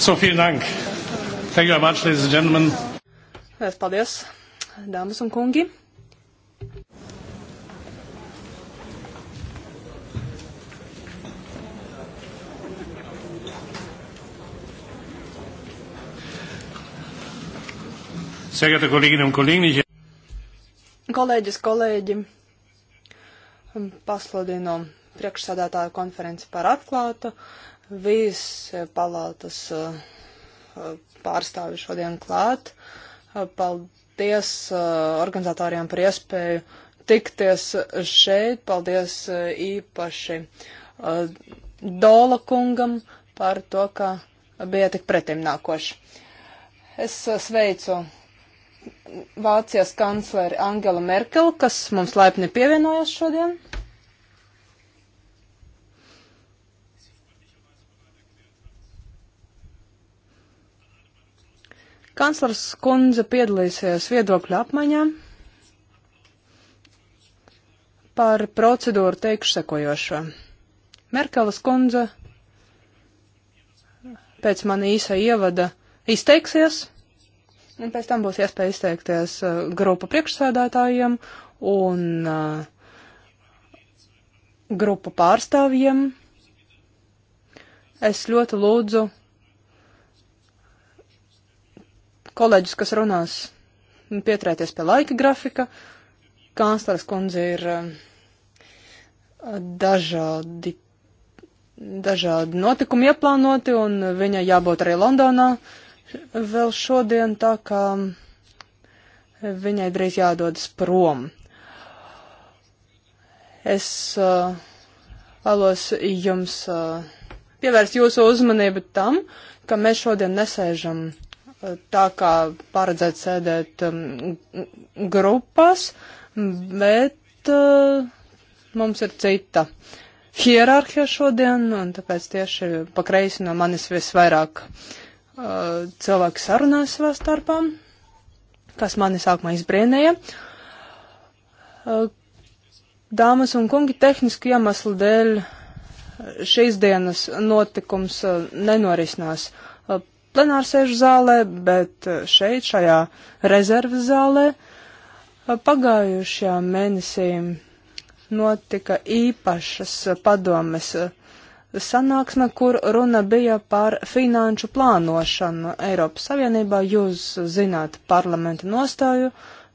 So, vielen Dank. Thank you very much, ladies and gentlemen. Paldies, dāmas un kungi. Sehr geehrte Kolleginnen und Kollegen, ich Kolēģis, kolēģi, pasludinu priekšsādātāju konferenci par atklātu visi palātas uh, pārstāvi šodien klāt. Uh, paldies uh, organizatoriem par iespēju tikties šeit. Paldies īpaši Dola kungam par to, ka bija tik pretim nākoši. Es sveicu Vācijas kancleri Angela Merkel, kas mums laipni pievienojas šodien. Kanclers kundze piedalīsies viedokļu apmaiņā par procedūru teikšu sekojošo. Merkeles kundze pēc man īsa ievada izteiksies, un pēc tam būs iespēja izteikties uh, grupu priekšsēdētājiem un uh, grupu pārstāvjiem. Es ļoti lūdzu kolēģis, kas runās, pieturēties pie laika grafika. Kanclers kundze ir eh, dažādi, dažādi notikumi ieplānoti, un viņa jābūt arī Londonā vēl šodien, tā kā viņai drīz jādodas prom. Es uh, vēlos jums uh, pievērst jūsu uzmanību tam, ka mēs šodien nesēžam uh, tā kā paredzēt sēdēt um, grupās, bet uh, mums ir cita hierarhija šodien, un tāpēc tieši pa kreisi no manis visvairāk uh, cilvēki sarunās savā starpā, kas mani sākumā izbrīnēja. Uh, dāmas un kungi, tehniski iemeslu dēļ šīs dienas notikums uh, nenorisinās. Uh, plenārsēžu zālē, bet eh, šeit, šajā rezervas zālē, eh, pagājušajā mēnesī notika īpašas padomes eh, sanāksme, kur runa bija par finanšu plānošanu Eiropas Savienībā. Jūs zināt parlamenta nostāju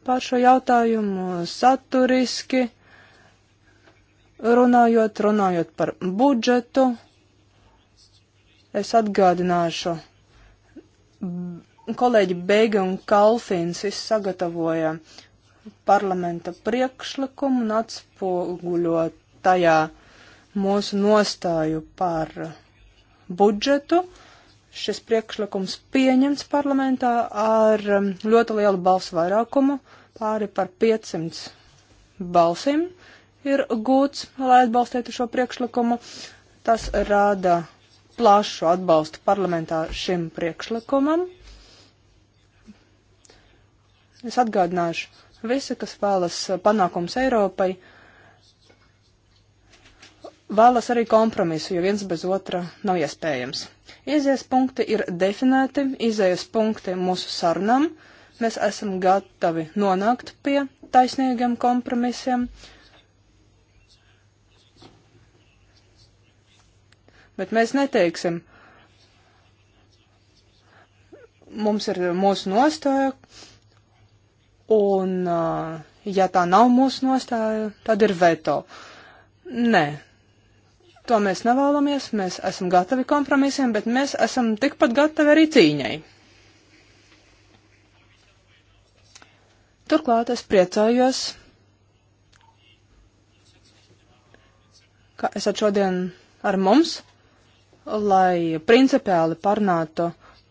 par šo jautājumu saturiski, runājot, runājot par budžetu. Es atgādināšu Mm, kolēģi Beiga un Kalfins sagatavoja parlamenta priekšlikumu un atspoguļo tajā mūsu nostāju par budžetu. Šis priekšlikums pieņemts parlamentā ar mm, ļoti lielu balsu vairākumu, pāri par 500 balsim ir gūts, lai atbalstītu šo priekšlikumu. Tas rāda plašu atbalstu parlamentā šim priekšlikumam. Es atgādināšu, visi, kas vēlas panākums Eiropai, vēlas arī kompromisu, jo viens bez otra nav iespējams. Izies punkti ir definēti, izējas punkti mūsu sarunam, mēs esam gatavi nonākt pie taisnīgiem kompromisiem. Uh, Bet mēs neteiksim, mums ir mūsu nostāja, un uh, ja tā nav mūsu nostāja, tad ir veto. Nē, to mēs nevēlamies, mēs esam gatavi kompromisiem, bet mēs esam tikpat gatavi arī cīņai. Turklāt es priecājos, ka esat šodien ar mums lai principiāli parunātu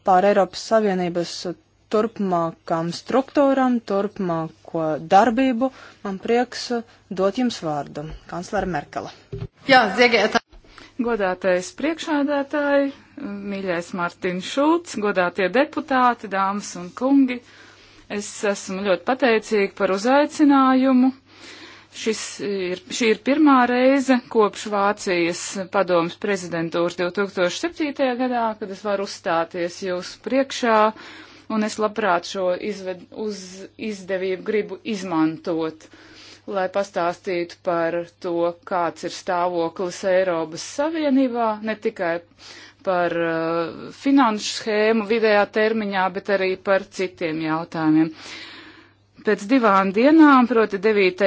pār Eiropas Savienības turpmākām struktūram, turpmāko darbību. Man prieks dot jums vārdu, kanclere Merkele. Jā, ziegietā. Godātais priekšādātāji, mīļais Mārtiņš Šulcs, godātie deputāti, dāmas un kungi, es esmu ļoti pateicīgi par uzaicinājumu Šis ir, šī ir pirmā reize kopš Vācijas padomas prezidentūras 2007. gadā, kad es varu uzstāties jūsu priekšā, un es labprāt šo izved, uz izdevību gribu izmantot, lai pastāstītu par to, kāds ir stāvoklis Eiropas Savienībā, ne tikai par uh, finanšu schēmu vidējā termiņā, bet arī par citiem jautājumiem. Uh, Pēc divām dienām, proti 9.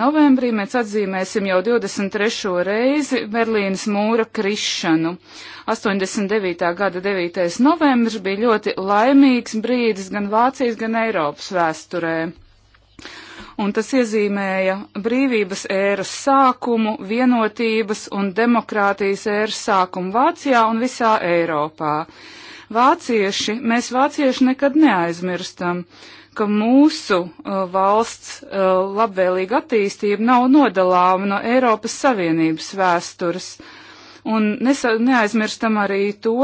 novembrī, mēs atzīmēsim jau 23. reizi Berlīnas mūra krišanu. 89. gada 9. novembris bija ļoti laimīgs brīdis gan Vācijas, gan Eiropas vēsturē. Un tas iezīmēja brīvības ēras sākumu, vienotības un demokrātijas ēras sākumu Vācijā un visā Eiropā. Vācieši, mēs vācieši nekad neaizmirstam ka mūsu uh, valsts uh, labvēlīga attīstība nav nodalāma no Eiropas Savienības vēstures. Un nesa, neaizmirstam arī to,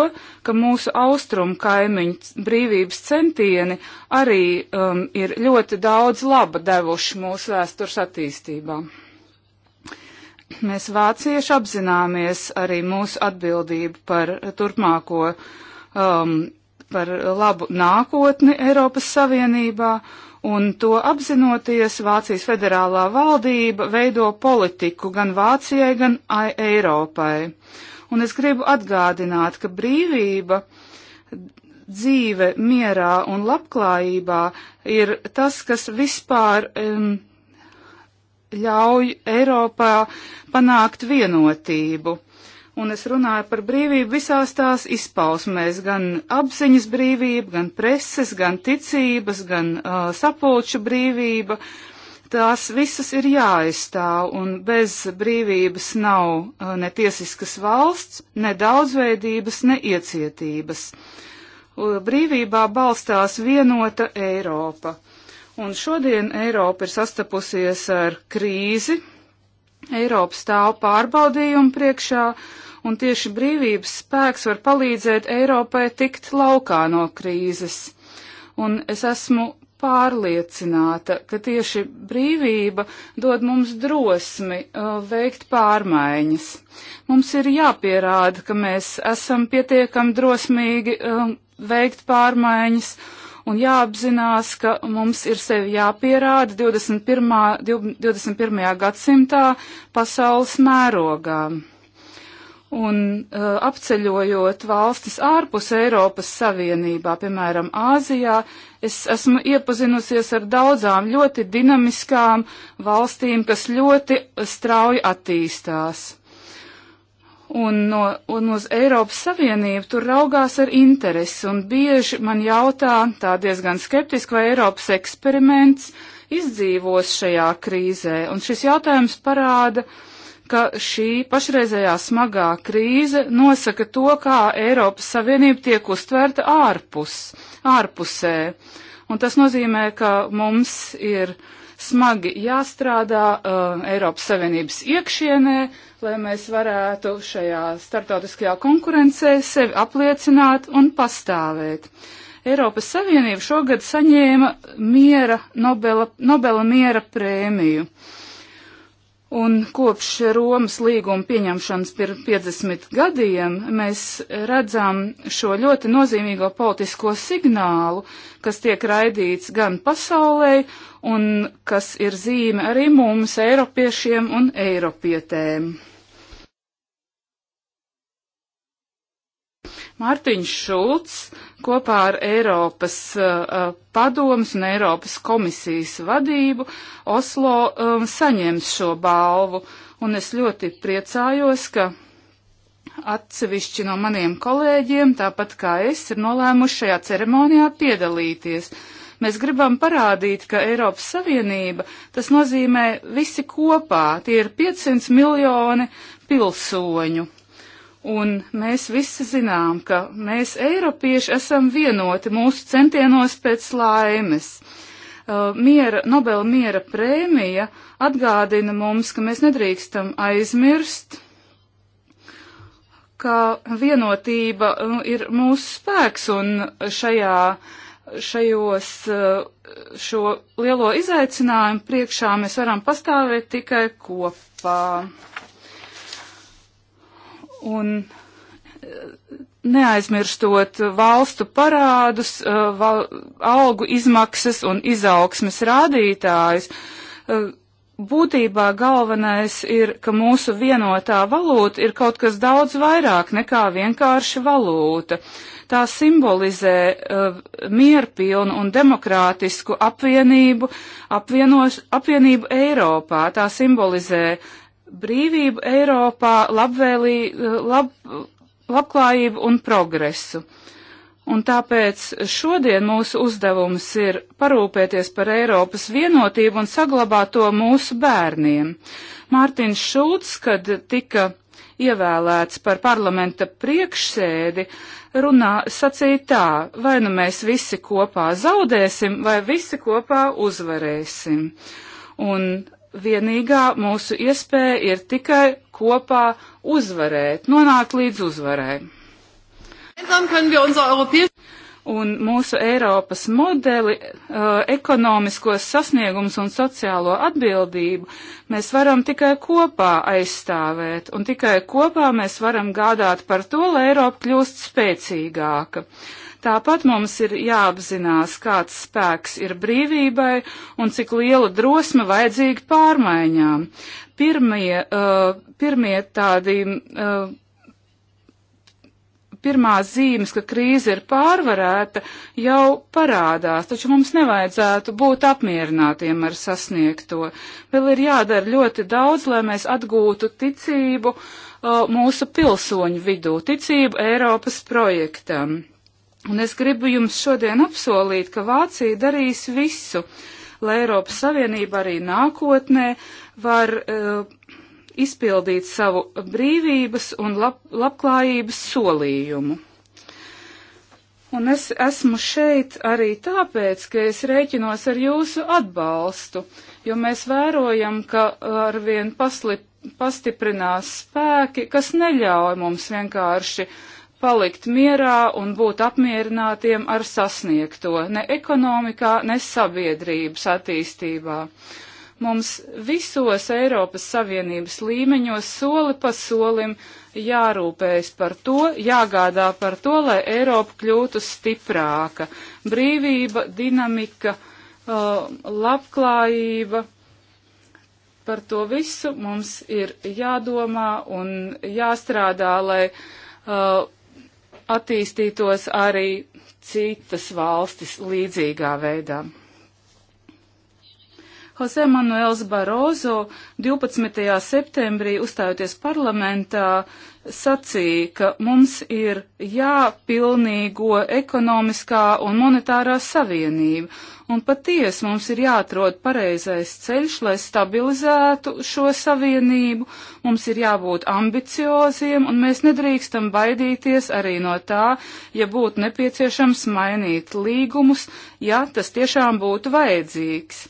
ka mūsu austrumu kaimiņu brīvības centieni arī um, ir ļoti daudz laba devuši mūsu vēstures attīstībā. Mēs vācieši apzināmies arī mūsu atbildību par turpmāko um, par labu nākotni Eiropas Savienībā, un to apzinoties Vācijas federālā valdība veido politiku gan Vācijai, gan Eiropai. Un es gribu atgādināt, ka brīvība, dzīve mierā un labklājībā ir tas, kas vispār um, ļauj Eiropā panākt vienotību un es runāju par brīvību visās tās izpausmēs, gan apziņas brīvība, gan preses, gan ticības, gan uh, sapulču brīvība. Tās visas ir jāaizstāv, un bez brīvības nav uh, ne tiesiskas valsts, ne daudzveidības, ne iecietības. Uh, brīvībā balstās vienota Eiropa. Un šodien Eiropa ir sastapusies ar krīzi, Eiropa stāv pārbaudījumu priekšā, un tieši brīvības spēks var palīdzēt Eiropai tikt laukā no krīzes. Un es esmu pārliecināta, ka tieši brīvība dod mums drosmi uh, veikt pārmaiņas. Mums ir jāpierāda, ka mēs esam pietiekami drosmīgi uh, veikt pārmaiņas un jāapzinās, ka mums ir sevi jāpierāda 21. 21. gadsimtā pasaules mērogā. Un uh, apceļojot valstis ārpus Eiropas Savienībā, piemēram, Āzijā, es esmu iepazinusies ar daudzām ļoti dinamiskām valstīm, kas ļoti strauji attīstās un, no, un uz Eiropas Savienību tur raugās ar interesi, un bieži man jautā, tā diezgan skeptiski, vai Eiropas eksperiments izdzīvos šajā krīzē, un šis jautājums parāda, ka šī pašreizējā smagā krīze nosaka to, kā Eiropas Savienība tiek uztverta ārpus, ārpusē, un tas nozīmē, ka mums ir smagi jāstrādā uh, Eiropas Savienības iekšienē, lai mēs varētu šajā startautiskajā konkurencē sevi apliecināt un pastāvēt. Eiropas Savienība šogad saņēma miera, Nobela, Nobela miera prēmiju. Uh, Un kopš Romas līguma pieņemšanas pirms 50 gadiem mēs redzam šo ļoti nozīmīgo politisko signālu, kas tiek raidīts gan pasaulē, un kas ir zīme arī mums, Eiropiešiem un Eiropietēm. Mārtiņš Šulcs kopā ar Eiropas uh, uh, padomas un Eiropas komisijas vadību Oslo um, saņems šo balvu. Un es ļoti priecājos, ka atsevišķi no maniem kolēģiem, tāpat kā es, ir nolēmuši šajā ceremonijā piedalīties. Mēs gribam parādīt, ka Eiropas Savienība tas nozīmē visi kopā, tie ir 500 miljoni pilsoņu. Un mēs visi zinām, ka mēs, Eiropieši, esam vienoti mūsu centienos pēc laimes. Uh, miera, Nobela miera prēmija atgādina mums, ka mēs nedrīkstam aizmirst, ka vienotība nu, ir mūsu spēks un šajā, šajos, uh, šo lielo izaicinājumu priekšā mēs varam pastāvēt tikai kopā. Un eh, neaizmirstot valstu parādus, eh, val, algu izmaksas un izaugsmes rādītājus, eh, būtībā galvenais ir, ka mūsu vienotā valūta ir kaut kas daudz vairāk nekā vienkārši valūta. Tā simbolizē uh, mierpilnu un demokrātisku apvienību, apvienos, apvienību Eiropā. Tā simbolizē brīvību Eiropā, labvēlī, eh, lab, labklājību un progresu. Un tāpēc šodien mūsu uzdevums ir parūpēties par Eiropas vienotību un saglabāt to mūsu bērniem. Mārtiņš Šulcs, kad tika ievēlēts par parlamenta priekšsēdi, runā sacīja tā, vai nu mēs visi kopā zaudēsim, vai visi kopā uzvarēsim. Un vienīgā mūsu iespēja ir tikai kopā uzvarēt, nonākt līdz uzvarai. Un mūsu Eiropas modeli, uh, ekonomiskos sasniegums un sociālo atbildību mēs varam tikai kopā aizstāvēt, un tikai kopā mēs varam gādāt par to, lai Eiropa kļūst spēcīgāka. Uh, Tāpat mums ir jāapzinās, kāds spēks ir brīvībai un cik liela drosme vajadzīga pārmaiņām. Pirmie, uh, pirmie tādi. Uh, pirmās zīmes, ka krīze ir pārvarēta, jau parādās, taču mums nevajadzētu būt apmierinātiem ar sasniegto. Vēl ir jādara ļoti daudz, lai mēs atgūtu ticību uh, mūsu pilsoņu vidū, ticību Eiropas projektam. Un es gribu jums šodien apsolīt, ka Vācija darīs visu, lai Eiropas Savienība arī nākotnē var uh, izpildīt savu brīvības un lab labklājības solījumu. Un es esmu šeit arī tāpēc, ka es rēķinos ar jūsu atbalstu, jo mēs vērojam, ka arvien paslip, pastiprinās spēki, kas neļauj mums vienkārši uh, palikt mierā un būt apmierinātiem ar sasniegto, ne ekonomikā, ne sabiedrības attīstībā. Mums visos Eiropas Savienības līmeņos soli pa solim jārūpējas par to, jāgādā par to, lai Eiropa kļūtu stiprāka. Brīvība, dinamika, uh, labklājība. Par to visu mums ir jādomā un jāstrādā, lai uh, attīstītos arī citas valstis līdzīgā veidā. Jose Manuels Barozo 12. septembrī uzstājoties parlamentā sacīja, ka mums ir jāpilnīgo ekonomiskā un monetārā savienība, un paties mums ir jāatrod pareizais ceļš, lai stabilizētu šo savienību, mums ir jābūt ambicioziem, un mēs nedrīkstam baidīties arī no tā, ja būtu nepieciešams mainīt līgumus, ja tas tiešām būtu vajadzīgs.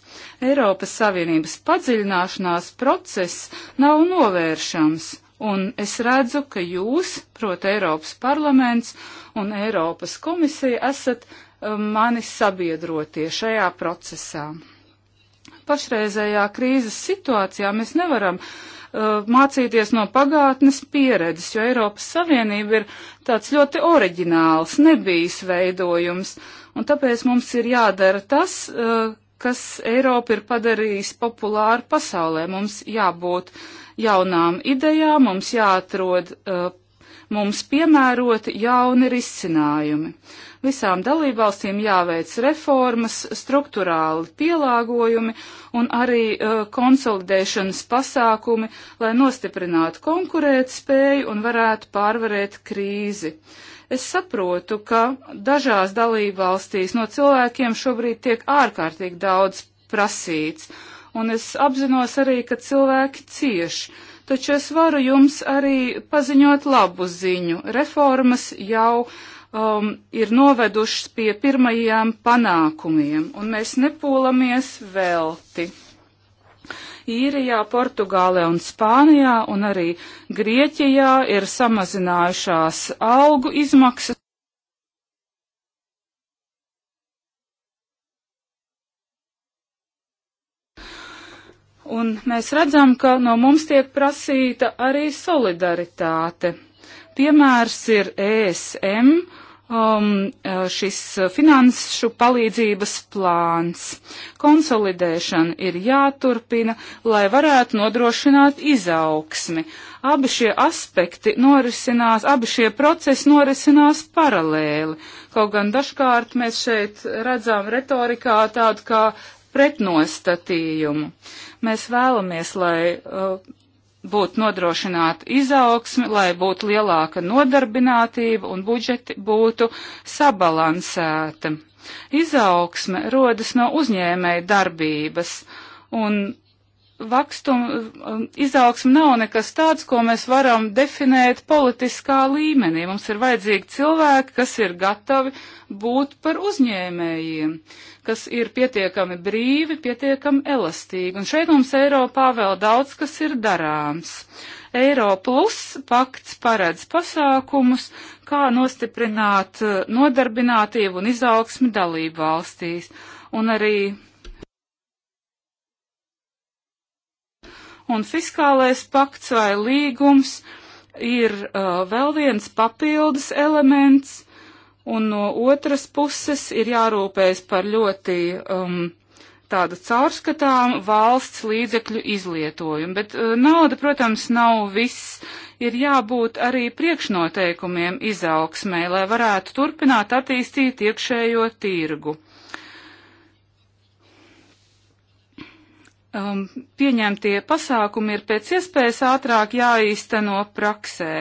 Eiropas Savienības padziļināšanās process nav novēršams Un es redzu, ka jūs, proti Eiropas parlaments un Eiropas komisija, esat um, mani sabiedrotie šajā procesā. Pašreizējā krīzes situācijā mēs nevaram uh, mācīties no pagātnes pieredzes, jo Eiropas Savienība ir tāds ļoti oriģināls, nebijis veidojums, un tāpēc mums ir jādara tas, uh, kas Eiropu ir padarījis populāru pasaulē. Mums jābūt uh, jaunām idejām, mums jāatrod uh, mums piemēroti jauni risinājumi. Visām dalībvalstīm jāveic reformas, struktūrāli pielāgojumi un arī uh, konsolidēšanas pasākumi, lai nostiprinātu konkurētspēju un varētu pārvarēt krīzi. Es saprotu, ka dažās dalībvalstīs no cilvēkiem šobrīd tiek ārkārtīgi daudz prasīts. Uh, un es apzinos arī, ka cilvēki cieš. Taču es varu jums arī paziņot labu ziņu. Reformas jau um, ir novedušas pie pirmajiem panākumiem, un mēs nepūlamies velti. Īrijā, Portugālē un Spānijā un arī Grieķijā ir samazinājušās algu izmaksas. Un mēs redzam, ka no mums tiek prasīta arī solidaritāte. Piemērs ir ESM, um, uh, šis finanšu palīdzības plāns. Konsolidēšana ir jāturpina, lai varētu nodrošināt izaugsmi. Abi šie aspekti norisinās, abi šie procesi norisinās paralēli. Kaut gan dažkārt mēs šeit redzam retorikā tādu kā pretnostatījumu. Mēs vēlamies, lai uh, būtu nodrošināta izaugsme, lai būtu lielāka nodarbinātība un budžeti būtu sabalansēta. Izaugsme rodas no uzņēmēja darbības, un vakstuma um, izaugsme nav nekas tāds, ko mēs varam definēt politiskā līmenī. Mums ir vajadzīgi cilvēki, kas ir gatavi būt par uzņēmējiem, kas ir pietiekami brīvi, pietiekami elastīgi. Un šeit mums Eiropā vēl daudz kas ir darāms. Eiro plus pakts paredz pasākumus, kā nostiprināt uh, nodarbinātību un izaugsmi dalību valstīs. Un arī Un fiskālais pakts vai līgums ir uh, vēl viens papildus elements, un no otras puses ir jārūpējas par ļoti um, tādu caurskatām valsts līdzekļu izlietojumu. Bet uh, nauda, protams, nav viss. Ir jābūt arī priekšnoteikumiem izaugsmē, lai varētu turpināt attīstīt iekšējo tirgu. um, pieņemtie pasākumi ir pēc iespējas ātrāk jāīsteno praksē,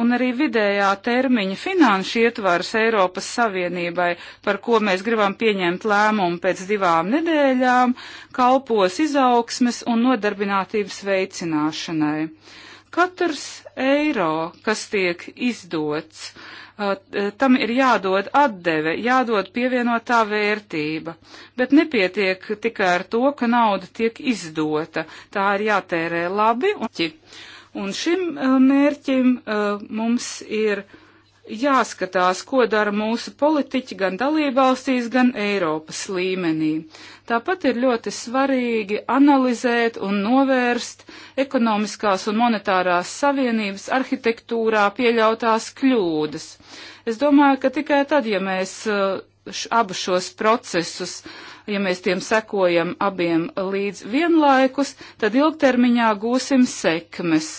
un arī vidējā termiņa finanšu ietvars Eiropas Savienībai, par ko mēs gribam pieņemt lēmumu pēc divām nedēļām, kalpos izaugsmes un nodarbinātības veicināšanai. Katrs eiro, kas tiek izdots, uh, E, tam ir jādod atdeve, jādod pievienotā vērtība, bet nepietiek tikai ar to, ka nauda tiek izdota, tā ir jātērē labi un, un šim e, mērķim e, mums ir jāskatās, ko dara mūsu politiķi gan dalībvalstīs, gan Eiropas līmenī. Tāpat ir ļoti svarīgi analizēt un novērst ekonomiskās un monetārās savienības arhitektūrā pieļautās kļūdas. Es domāju, ka tikai tad, ja mēs eh, š, abu šos procesus, ja mēs tiem sekojam abiem līdz vienlaikus, tad ilgtermiņā gūsim sekmes.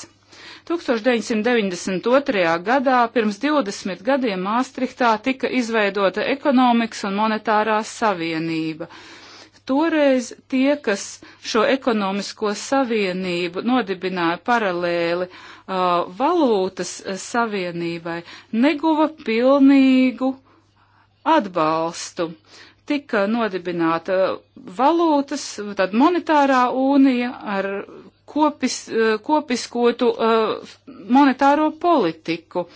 1992. gadā, pirms 20 gadiem, Māstrihtā tika izveidota ekonomikas un monetārā savienība. Toreiz tie, kas šo ekonomisko savienību nodibināja paralēli uh, valūtas savienībai, neguva pilnīgu atbalstu. Tika nodibināta valūtas, tad monetārā unija ar kopis, eh, kopiskotu uh, monetāro politiku.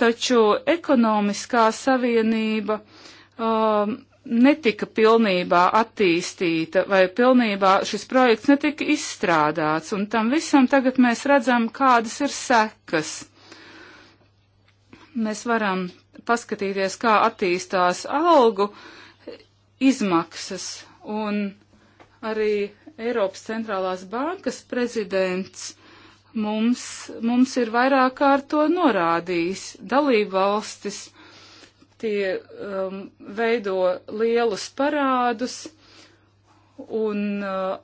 Taču ekonomiskā savienība uh, netika pilnībā attīstīta vai pilnībā šis projekts netika izstrādāts, un tam visam tagad mēs redzam, kādas ir sekas. Mēs varam paskatīties, kā attīstās algu izmaksas un arī Eiropas centrālās bankas prezidents mums, mums ir vairāk kārt to norādījis. Dalībvalstis tie um, veido lielus parādus, un uh,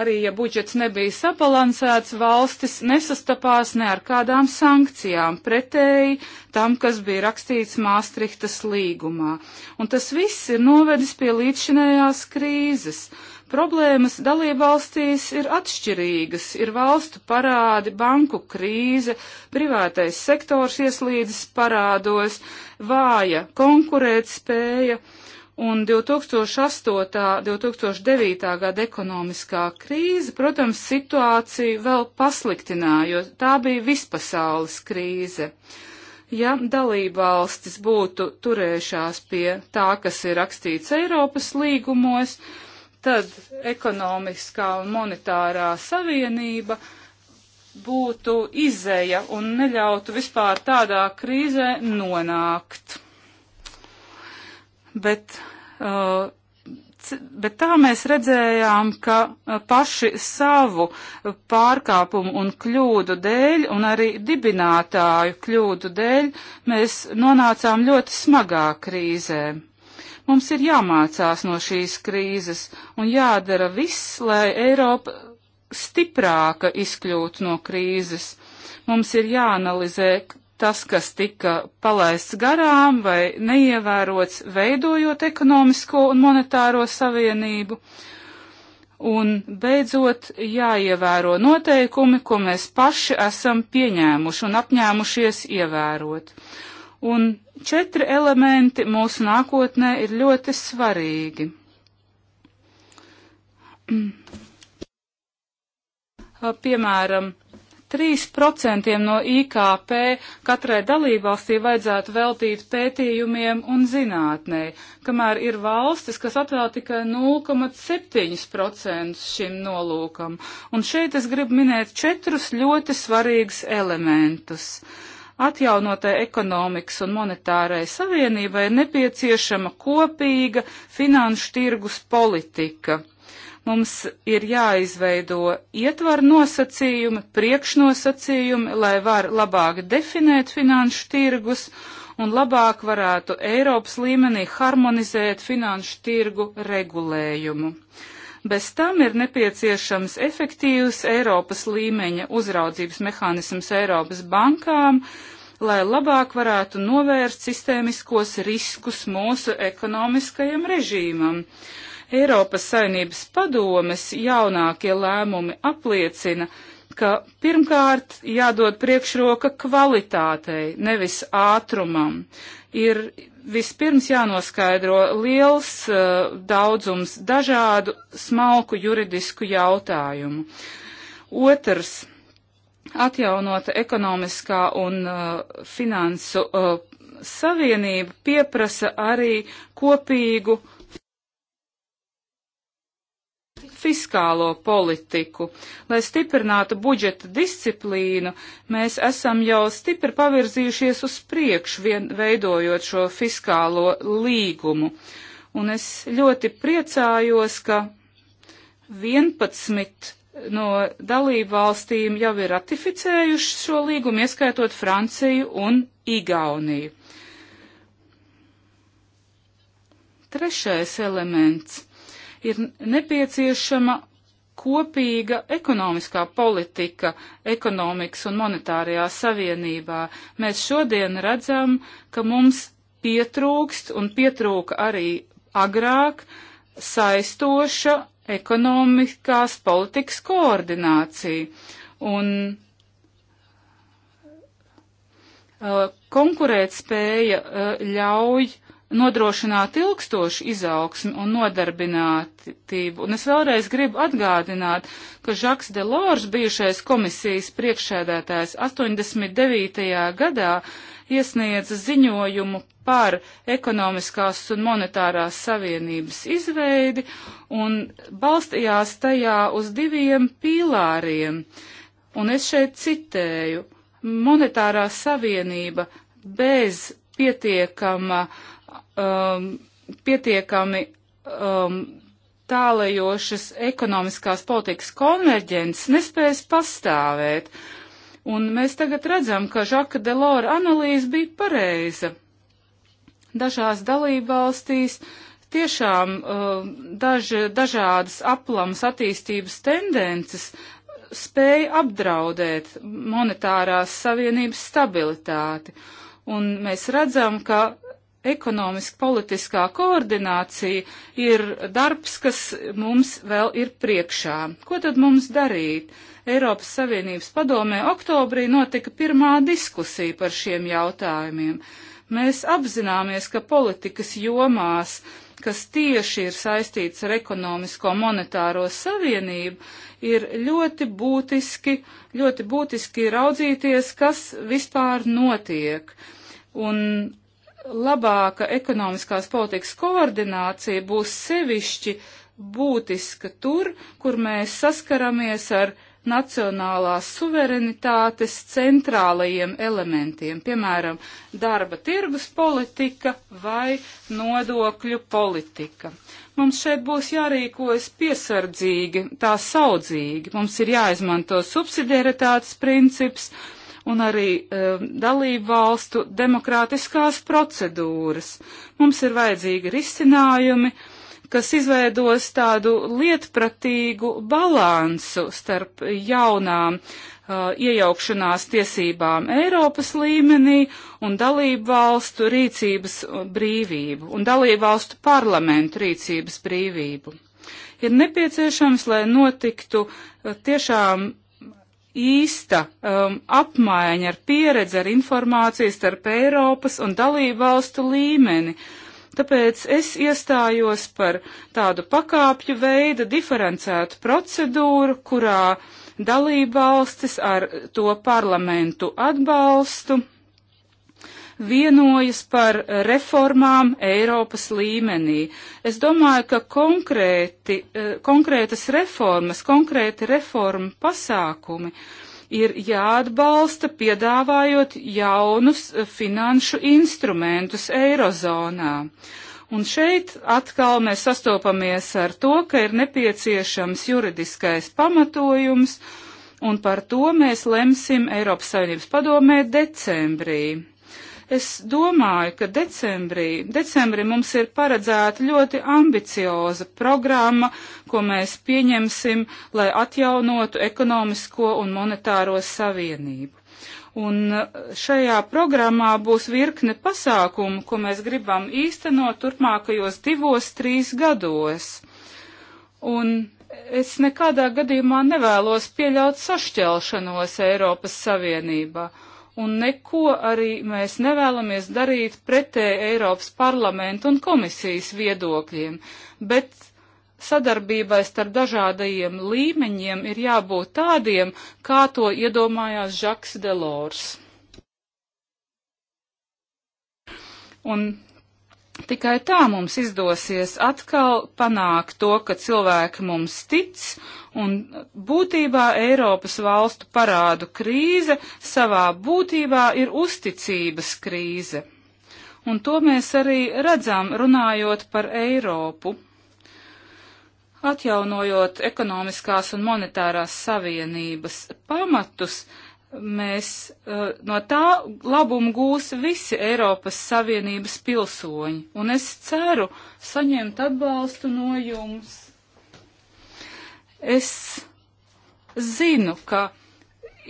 arī, ja budžets nebija sabalansēts, valstis nesastapās ne ar kādām sankcijām pretēji tam, kas bija rakstīts Māstrihtas līgumā. Un tas viss ir novedis pie līdzšinējās krīzes. Problēmas dalībvalstīs ir atšķirīgas, ir valstu parādi, banku krīze, privātais sektors ieslīdis parādos, vāja konkurētspēja un 2008. 2009. gada ekonomiskā krīze, protams, situāciju vēl pasliktināja, jo tā bija vispasaules krīze ja dalībvalstis būtu turējušās pie tā, kas ir rakstīts Eiropas līgumos, tad ekonomiskā un monetārā savienība būtu izēja un neļautu vispār tādā krīzē nonākt. Bet, uh, bet tā mēs redzējām, ka uh, paši savu pārkāpumu un kļūdu dēļ, un arī dibinātāju kļūdu dēļ, mēs nonācām ļoti smagā krīzē. Mums ir jāmācās no šīs krīzes un jādara viss, lai Eiropa stiprāka izkļūtu no krīzes. Mums ir jāanalizē tas, kas tika palaists garām vai neievērots, veidojot ekonomisko un monetāro savienību. Un beidzot jāievēro noteikumi, ko mēs paši esam pieņēmuši un apņēmušies ievērot. Un četri elementi mūsu nākotnē ir ļoti svarīgi. Piemēram, 3% no IKP katrai dalībvalstī vajadzētu veltīt pētījumiem un zinātnē, kamēr ir valstis, kas atvēl tikai 0,7% šim nolūkam. Un šeit es gribu minēt četrus ļoti svarīgus elementus. Uh, Atjaunotai ekonomikas un monetārai savienībai ir nepieciešama kopīga finanšu tirgus politika. Mums ir jāizveido ietvaru nosacījumi, priekšnosacījumi, lai var labāk definēt finanšu tirgus un labāk varētu Eiropas līmenī harmonizēt finanšu tirgu regulējumu. Bez tam ir nepieciešams efektīvs Eiropas līmeņa uzraudzības mehānisms Eiropas bankām, lai labāk varētu novērst sistēmiskos riskus mūsu ekonomiskajam režīmam. Eiropas Savienības padomes jaunākie lēmumi apliecina, ka pirmkārt jādod priekšroka kvalitātei, nevis ātrumam ir vispirms jānoskaidro liels uh, daudzums dažādu smalku juridisku jautājumu. Otrs - atjaunota ekonomiskā un uh, finansu uh, savienība pieprasa arī kopīgu uh, fiskālo politiku. Lai stiprinātu budžeta disciplīnu, mēs esam jau stipri pavirzījušies uz priekšu, veidojot šo fiskālo līgumu. Un es ļoti priecājos, ka 11 no dalību valstīm jau ir ratificējuši šo līgumu, ieskaitot Franciju un Igauniju. Trešais elements ir nepieciešama kopīga ekonomiskā politika ekonomikas un monetārajā savienībā. Mēs šodien redzam, ka mums pietrūkst un pietrūka arī agrāk saistoša ekonomiskās politikas koordinācija. Un uh, konkurētspēja uh, ļauj uh, nodrošināt ilgstošu izaugsmu un nodarbinātību. Un es vēlreiz gribu atgādināt, ka Žaks Delors, bijušais komisijas priekšēdētājs 89. gadā, iesniedza ziņojumu par ekonomiskās un monetārās savienības izveidi un balstījās tajā uz diviem pīlāriem. Un es šeit citēju, monetārā savienība bez pietiekama uh, um, pietiekami um, tālajošas ekonomiskās politikas konverģences nespējas pastāvēt. Un mēs tagad redzam, ka Žaka Delora analīze bija pareiza. Dažās dalībvalstīs tiešām uh, um, daž, dažādas aplams attīstības tendences spēja apdraudēt monetārās savienības stabilitāti. Un mēs redzam, ka ekonomiski politiskā koordinācija ir darbs, kas mums vēl ir priekšā. Ko tad mums darīt? Eiropas Savienības padomē oktobrī notika pirmā diskusija par šiem jautājumiem. Mēs apzināmies, ka politikas jomās, kas tieši ir saistīts ar ekonomisko monetāro savienību, ir ļoti būtiski, ļoti būtiski raudzīties, kas vispār notiek. Un labāka ekonomiskās politikas koordinācija būs sevišķi būtiska tur, kur mēs saskaramies ar nacionālās suverenitātes centrālajiem elementiem, piemēram, darba tirgus politika vai nodokļu politika. Mums šeit būs jārīkojas piesardzīgi, tā saudzīgi. Mums ir jāizmanto subsidiaritātes princips, uh, un arī um, dalību valstu demokrātiskās procedūras. Mums ir vajadzīgi risinājumi, kas izveidos tādu lietpratīgu balansu starp jaunām uh, iejaukšanās tiesībām Eiropas līmenī un dalību valstu rīcības brīvību un dalību valstu parlamentu rīcības brīvību ir nepieciešams, lai notiktu e, tiešām īsta um, apmaiņa ar pieredzi, ar informāciju starp Eiropas un dalību valstu līmeni. Tāpēc es iestājos par tādu pakāpju veidu diferencētu procedūru, kurā dalību valstis ar to parlamentu atbalstu vienojas par reformām Eiropas līmenī. Es domāju, ka konkrēti, eh, konkrētas reformas, konkrēti reformu pasākumi ir jāatbalsta piedāvājot jaunus eh, finanšu instrumentus Eirozonā. Un šeit atkal mēs sastopamies ar to, ka ir nepieciešams juridiskais pamatojums, un par to mēs lemsim Eiropas Savienības padomē decembrī. Es domāju, ka decembrī, decembrī mums ir paredzēta ļoti ambicioza programma, ko mēs pieņemsim, lai atjaunotu ekonomisko un monetāro savienību. Un šajā programmā būs virkne pasākumu, ko mēs gribam īstenot turpmākajos divos, trīs gados. Un es nekādā gadījumā nevēlos pieļaut sašķelšanos Eiropas Savienībā. Uh, un neko arī mēs nevēlamies darīt pretē Eiropas parlamentu un komisijas viedokļiem, bet sadarbībai starp dažādajiem līmeņiem ir jābūt tādiem, kā to iedomājās Žaks Delors. Un Tikai tā mums izdosies atkal panākt to, ka cilvēki mums tic, un būtībā Eiropas valstu parādu krīze savā būtībā ir uzticības krīze. Un to mēs arī redzam runājot par Eiropu. Atjaunojot ekonomiskās un monetārās savienības pamatus, mēs uh, no tā labumu gūs visi Eiropas Savienības pilsoņi, un es ceru saņemt atbalstu no jums. Es zinu, ka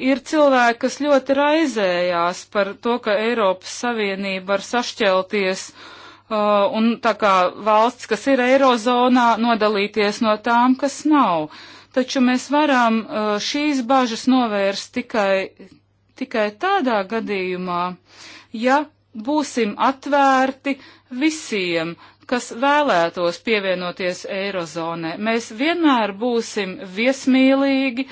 ir cilvēki, kas ļoti raizējās par to, ka Eiropas Savienība var sašķelties uh, un tā kā valsts, kas ir Eirozonā, nodalīties no tām, kas nav. Uh, taču mēs varam uh, šīs bažas novērst tikai, tikai tādā gadījumā, ja būsim atvērti visiem, kas vēlētos pievienoties Eirozonai. Mēs vienmēr būsim viesmīlīgi,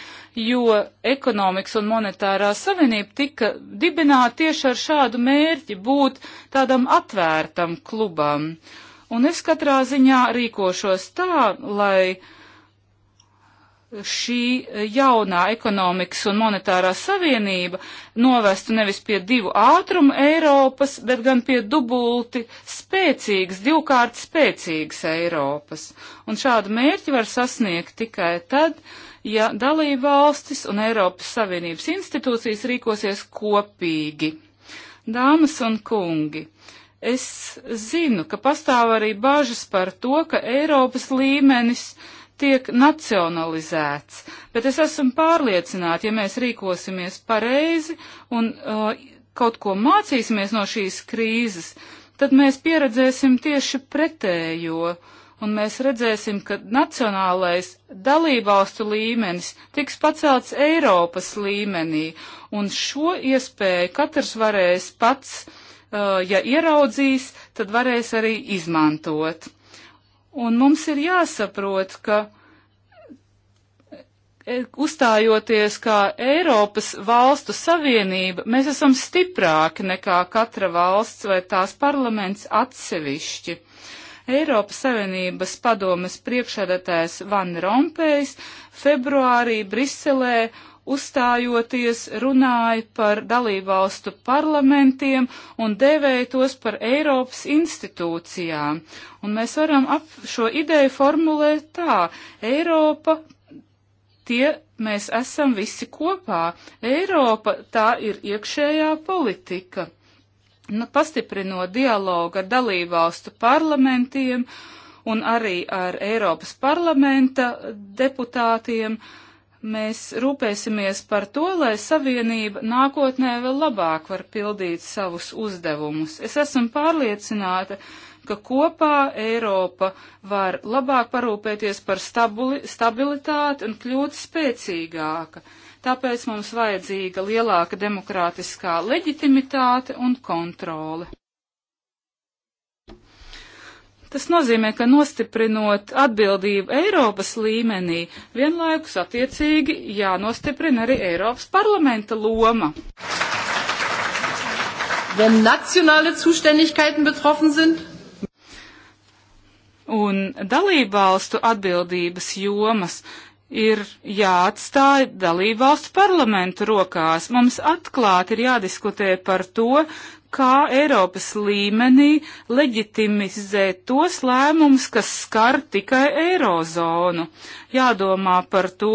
jo ekonomikas un monetārā savienība tika dibināta tieši ar šādu mērķi būt tādam atvērtam klubam. Un es katrā ziņā rīkošos tā, lai uh, šī jaunā ekonomikas un monetārā savienība novestu nevis pie divu ātrumu Eiropas, bet gan pie dubulti spēcīgas, divkārt spēcīgas Eiropas. Un šādu mērķi var sasniegt tikai tad, ja dalība valstis un Eiropas Savienības institūcijas rīkosies kopīgi. Dāmas un kungi, es zinu, ka pastāv arī bažas par to, ka Eiropas līmenis uh, tiek nacionalizēts, bet es esmu pārliecināta, ja mēs rīkosimies pareizi un uh, kaut ko mācīsimies no šīs krīzes, tad mēs pieredzēsim tieši pretējo, un mēs redzēsim, ka nacionālais dalībvalstu līmenis tiks pacelts Eiropas līmenī, un šo iespēju katrs varēs pats, uh, ja ieraudzīs, tad varēs arī izmantot. Un mums ir jāsaprot, ka e, uzstājoties kā Eiropas valstu savienība, mēs esam stiprāki nekā katra valsts vai tās parlaments atsevišķi. Eiropas Savienības padomes priekšādātājs Van Rompējs februārī Briselē uzstājoties runāja par dalībvalstu parlamentiem un devēja tos par Eiropas institūcijām. Un mēs varam ap šo ideju formulēt tā. Eiropa, tie mēs esam visi kopā. Eiropa, tā ir iekšējā politika. Nu, pastiprinot dialogu ar dalībvalstu parlamentiem un arī ar Eiropas parlamenta deputātiem, uh, mēs rūpēsimies par to, lai savienība nākotnē vēl labāk var pildīt savus uzdevumus. Es esmu pārliecināta, ka kopā Eiropa var labāk parūpēties par stabili stabilitāti un kļūt spēcīgāka. Tāpēc mums vajadzīga lielāka demokrātiskā leģitimitāte un kontrole. Tas nozīmē, ka nostiprinot atbildību Eiropas līmenī, vienlaikus attiecīgi jānostiprina arī Eiropas parlamenta loma. Wenn nationale Zuständigkeiten betroffen sind, un dalībvalstu atbildības jomas ir jāatstāj dalībvalstu parlamentu rokās. Mums atklāti ir jādiskutē par to, kā Eiropas līmenī leģitimizēt tos lēmumus, kas skar tikai eirozonu. Jādomā par to,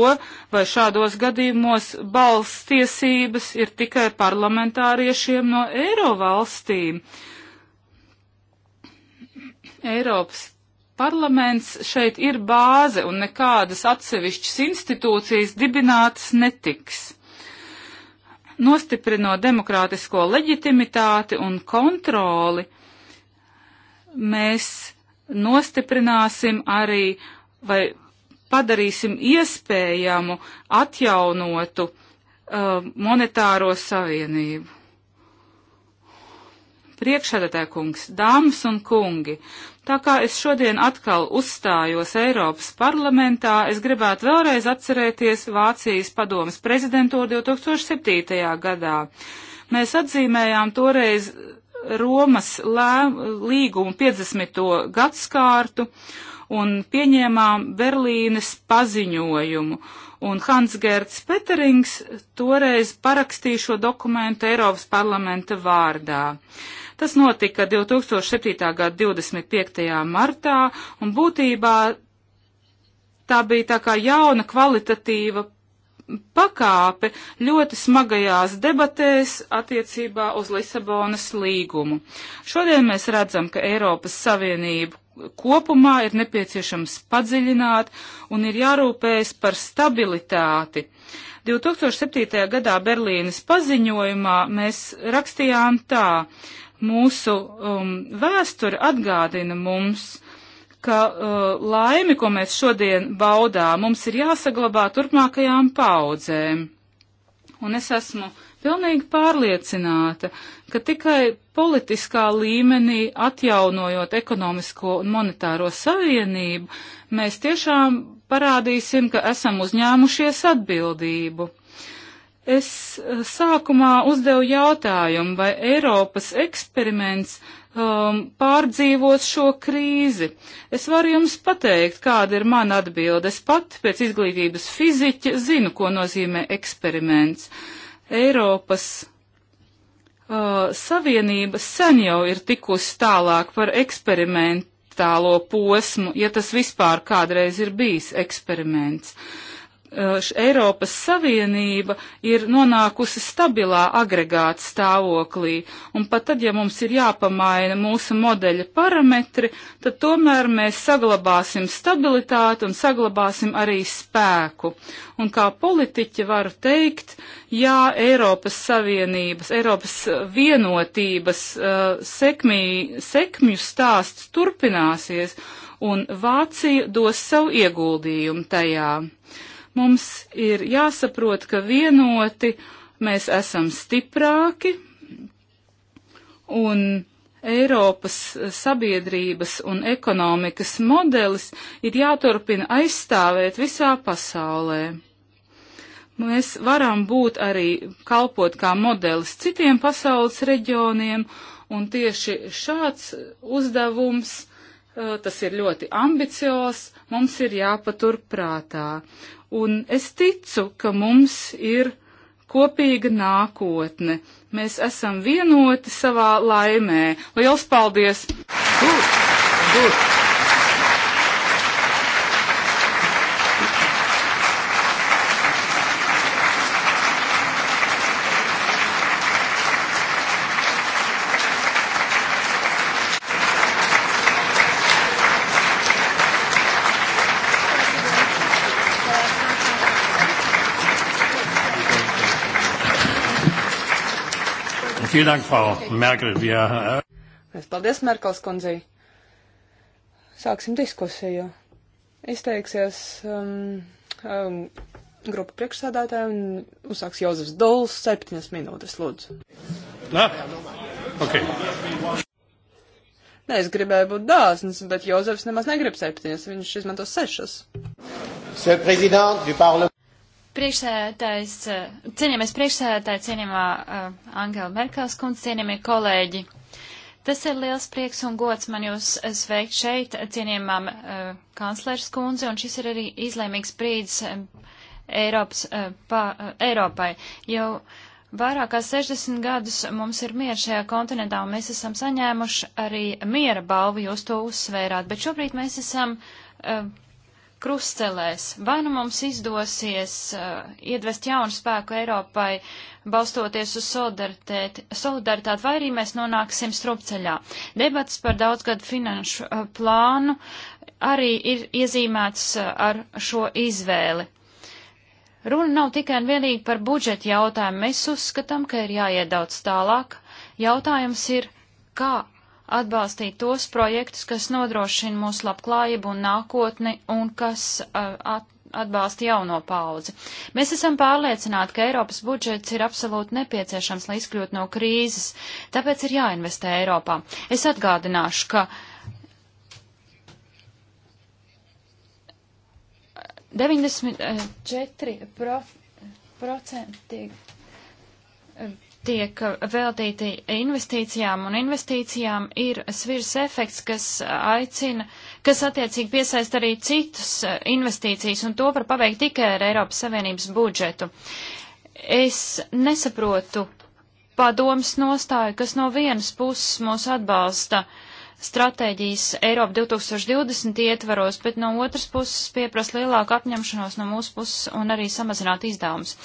vai šādos gadījumos balss tiesības ir tikai parlamentāriešiem no eiro valstīm. Eiropas parlaments šeit ir bāze un nekādas atsevišķas institūcijas dibinātas netiks nostiprinot demokrātisko leģitimitāti un kontroli, mēs nostiprināsim arī vai padarīsim iespējamu atjaunotu uh, monetāro savienību. Priekšsēdētāja kungs, dāmas un kungi, Tā kā es šodien atkal uzstājos Eiropas parlamentā, es gribētu vēlreiz atcerēties Vācijas padomas prezidentūru 2007. gadā. Mēs atzīmējām toreiz Romas lē, līgumu 50. gadskārtu un pieņēmām Berlīnes paziņojumu. Un Hans Gerts Peterings toreiz parakstīja šo dokumentu Eiropas parlamenta vārdā. Uh, Tas notika 2007. gada 25. martā un būtībā tā bija tā kā jauna kvalitatīva pakāpe ļoti smagajās debatēs attiecībā uz Lisabonas līgumu. Šodien mēs redzam, ka Eiropas Savienību kopumā ir nepieciešams padziļināt un ir jārūpējas par stabilitāti. 2007. gadā Berlīnas paziņojumā mēs rakstījām tā, mūsu um, vēsture atgādina mums, ka uh, laimi, ko mēs šodien baudām, mums ir jāsaglabā turpmākajām paudzēm. Un es esmu pilnīgi pārliecināta, ka tikai politiskā līmenī atjaunojot ekonomisko un monetāro savienību, mēs tiešām parādīsim, ka esam uzņēmušies atbildību. Es eh, sākumā uzdevu jautājumu, vai Eiropas eksperiments um, pārdzīvos šo krīzi. Es varu jums pateikt, kāda ir mana atbilde. Es pat pēc izglītības fiziķa zinu, ko nozīmē eksperiments. Eiropas uh, Savienība sen jau ir tikusi tālāk par eksperimentālo posmu, ja tas vispār kādreiz ir bijis eksperiments. Uh, Eh, Eiropas Savienība ir nonākusi stabilā agregāta stāvoklī, un pat tad, ja mums ir jāpamaina mūsu modeļa parametri, tad tomēr mēs saglabāsim stabilitāti un saglabāsim arī spēku. Un kā politiķi varu teikt, jā, Eiropas Savienības, Eiropas vienotības uh, sekmī, sekmju stāsts turpināsies, un Vācija dos savu ieguldījumu tajā. Uh, Mums ir jāsaprot, ka vienoti mēs esam stiprāki un Eiropas sabiedrības un ekonomikas modelis ir jāturpina aizstāvēt visā pasaulē. Mēs varam būt arī kalpot kā modelis citiem pasaules reģioniem, un tieši šāds uzdevums tas ir ļoti ambicios, mums ir jāpatur prātā. Un es ticu, ka mums ir kopīga nākotne. Mēs esam vienoti savā laimē. Liels paldies! Good. Good. Vielen Dank, Frau Merkel. Wir... Mēs äh, paldies Merkels kundzei. Sāksim diskusiju. Izteiksies um, um, grupa priekšsādātāja un uzsāks Jozefs Dols septiņas minūtes, lūdzu. Nā? Ok. Nē, es gribēju būt dāsns, bet Jozefs nemaz negrib septiņas, viņš izmanto sešas. Priekšsēdētājs, eh, cienījamais priekšsēdētāji, cienījamā uh, Angela Merkels kundze, cienījamie kolēģi. Tas ir liels prieks un gods man jūs eh, sveikt šeit, cienījamām uh, kanclers kundze, un šis ir arī izlēmīgs brīdis Eiropas, uh, pa, uh, Eiropai. Jau Vairāk kā 60 gadus mums ir miera šajā kontinentā, un mēs esam saņēmuši arī miera balvu, jūs to uzsvērāt, bet šobrīd mēs esam uh, krustcelēs. Vai nu mums izdosies uh, iedvest jaunu spēku Eiropai, balstoties uz solidaritāti, vai arī mēs nonāksim strupceļā. Debats par daudzgadu finanšu uh, plānu arī ir iezīmēts uh, ar šo izvēli. Runa nav tikai un vienīgi par budžeta jautājumu. Mēs uzskatām, ka ir jāiet daudz tālāk. Jautājums ir, kā atbalstīt tos projektus, kas nodrošina mūsu labklājību un nākotni un kas uh, at, atbalsta jauno paudzi. Mēs esam pārliecināti, ka Eiropas budžets ir absolūti nepieciešams, lai izkļūtu no krīzes, tāpēc ir jāinvestē Eiropā. Es atgādināšu, ka 94% tiek veltīti investīcijām, un investīcijām ir svirs efekts, kas aicina, kas attiecīgi piesaista arī citus eh, investīcijas, un to var paveikt tikai ar Eiropas Savienības budžetu. Es nesaprotu padomas nostāju, kas no vienas puses mūs atbalsta uh, stratēģijas Eiropa 2020 ietvaros, bet no otras puses pieprasa lielāku apņemšanos no mūsu puses un arī samazināt izdevumus.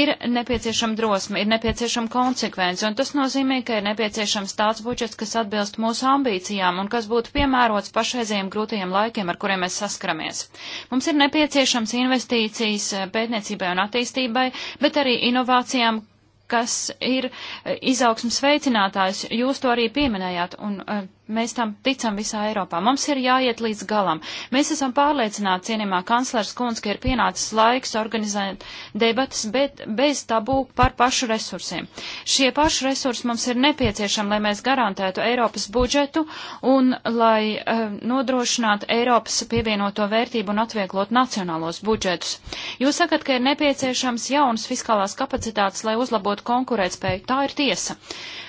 Ir nepieciešama drosme, ir nepieciešama konsekvence, un tas nozīmē, ka ir nepieciešams tāds budžets, kas atbilst mūsu ambīcijām un kas būtu piemērots pašreizējiem grūtajiem laikiem, ar kuriem mēs saskaramies. Mums ir nepieciešams investīcijas pētniecībai un attīstībai, bet arī inovācijām, kas ir e, izaugsmas veicinātājs. Jūs to arī pieminējāt. Un, uh, Mēs tam ticam visā Eiropā. Mums ir jāiet līdz galam. Mēs esam pārliecināti, cienījumā kanclers Kunz, ka ir pienācis laiks organizēt debatas, bet bez tabū par pašu resursiem. Šie paši resursi mums ir nepieciešami, lai mēs garantētu Eiropas budžetu un lai uh, nodrošinātu Eiropas pievienoto vērtību un atvieglot nacionālos budžetus. Jūs sakat, ka ir nepieciešams jaunas fiskālās kapacitātes, lai uzlabotu konkurētspēju. Tā ir tiesa. Uh,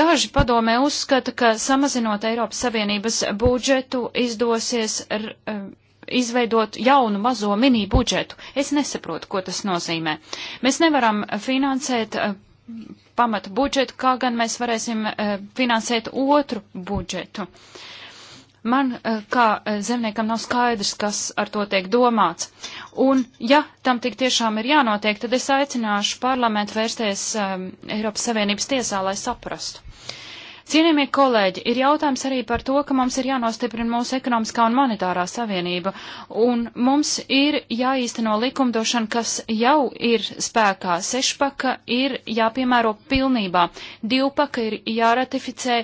Daži padomē uzskata, ka samazinot Eiropas Savienības budžetu izdosies ar, e, izveidot jaunu mazo mini budžetu. Es nesaprotu, ko tas nozīmē. Mēs nevaram finansēt e, pamata budžetu, kā gan mēs varēsim e, finansēt otru budžetu. Uh, Man eh, kā eh, zemniekam nav skaidrs, kas ar to tiek domāts. Un ja tam tik tiešām ir jānotiek, tad es aicināšu parlamentu vērsties um, Eiropas Savienības tiesā, lai saprastu. Cienījamie kolēģi, ir jautājums arī par to, ka mums ir jānostiprina mūsu ekonomiskā un monetārā savienība, un mums ir jāīsteno likumdošana, kas jau ir spēkā. Sešpaka ir jāpiemēro pilnībā, divpaka ir jāratificē,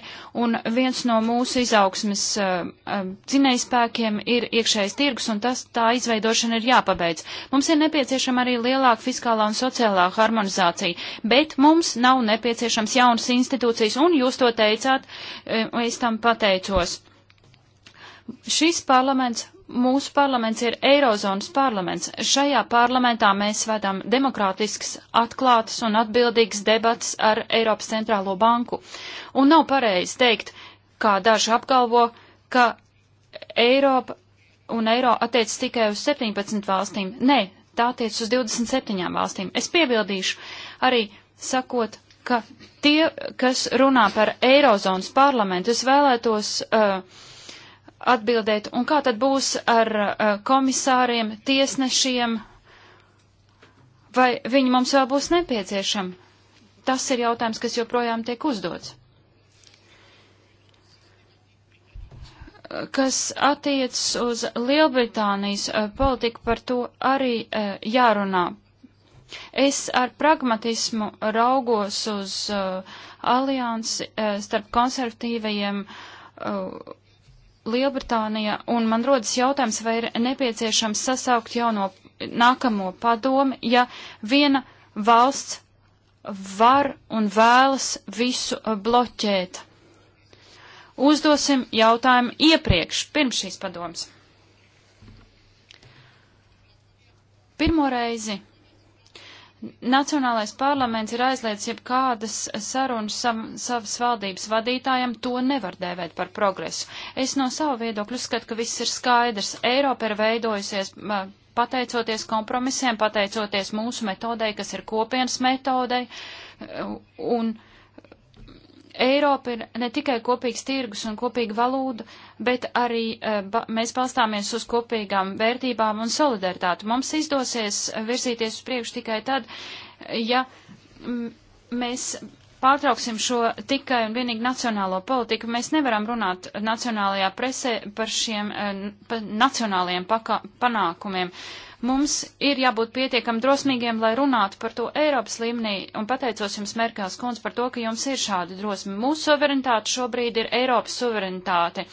un viens no mūsu izaugsmes uh, eh, cinējspēkiem eh, ir iekšējais tirgus, un tas tā izveidošana ir jāpabeidz. Mums ir nepieciešama arī lielāka fiskālā un sociālā harmonizācija, bet mums nav nepieciešams jaunas institūcijas, un jūs to teicat teicāt, e, es tam pateicos. Šis parlaments, mūsu parlaments ir Eirozonas parlaments. Šajā parlamentā mēs vedam demokrātisks, atklātas un atbildīgas debatas ar Eiropas centrālo banku. Un nav pareizi teikt, kā daži apgalvo, ka Eiropa un eiro attiec tikai uz 17 valstīm. Nē, tā attiec uz 27 valstīm. Es piebildīšu arī sakot, ka tie, kas runā par Eirozonas parlamentu, es vēlētos uh, atbildēt, un kā tad būs ar uh, komisāriem, tiesnešiem, vai viņi mums vēl būs nepieciešami? Tas ir jautājums, kas joprojām tiek uzdots. Kas attiecas uz Lielbritānijas uh, politiku, par to arī uh, jārunā. Es ar pragmatismu raugos uz uh, aliansi uh, starp konservatīvajiem uh, Lielbritānija, un man rodas jautājums, vai ir nepieciešams sasaukt jauno nākamo padomi, ja viena valsts var un vēlas visu uh, bloķēt. Uzdosim jautājumu iepriekš, pirms šīs padomas. Pirmo reizi Nacionālais parlaments ir aizliedzis jebkādas sarunas sav, savas valdības vadītājam, to nevar dēvēt par progresu. Es no savu viedokļu skatu, ka viss ir skaidrs. Eiropa ir veidojusies pateicoties kompromisiem, pateicoties mūsu metodei, kas ir kopienas metodei, un uh, Eiropa ir ne tikai kopīgs tirgus un kopīga valūda, bet arī e, ba mēs balstāmies uz kopīgām vērtībām un solidaritāti. Mums izdosies virzīties uz priekšu tikai tad, ja mēs pārtrauksim šo tikai un vienīgi nacionālo politiku. Mēs nevaram runāt nacionālajā presē par šiem e, pa nacionālajiem panākumiem. Uh, Mums ir jābūt pietiekam drosmīgiem, lai runātu par to Eiropas līmenī, un pateicos jums, Merkels kundz, par to, ka jums ir šāda drosme. Mūsu suverenitāte šobrīd ir Eiropas suverenitāte.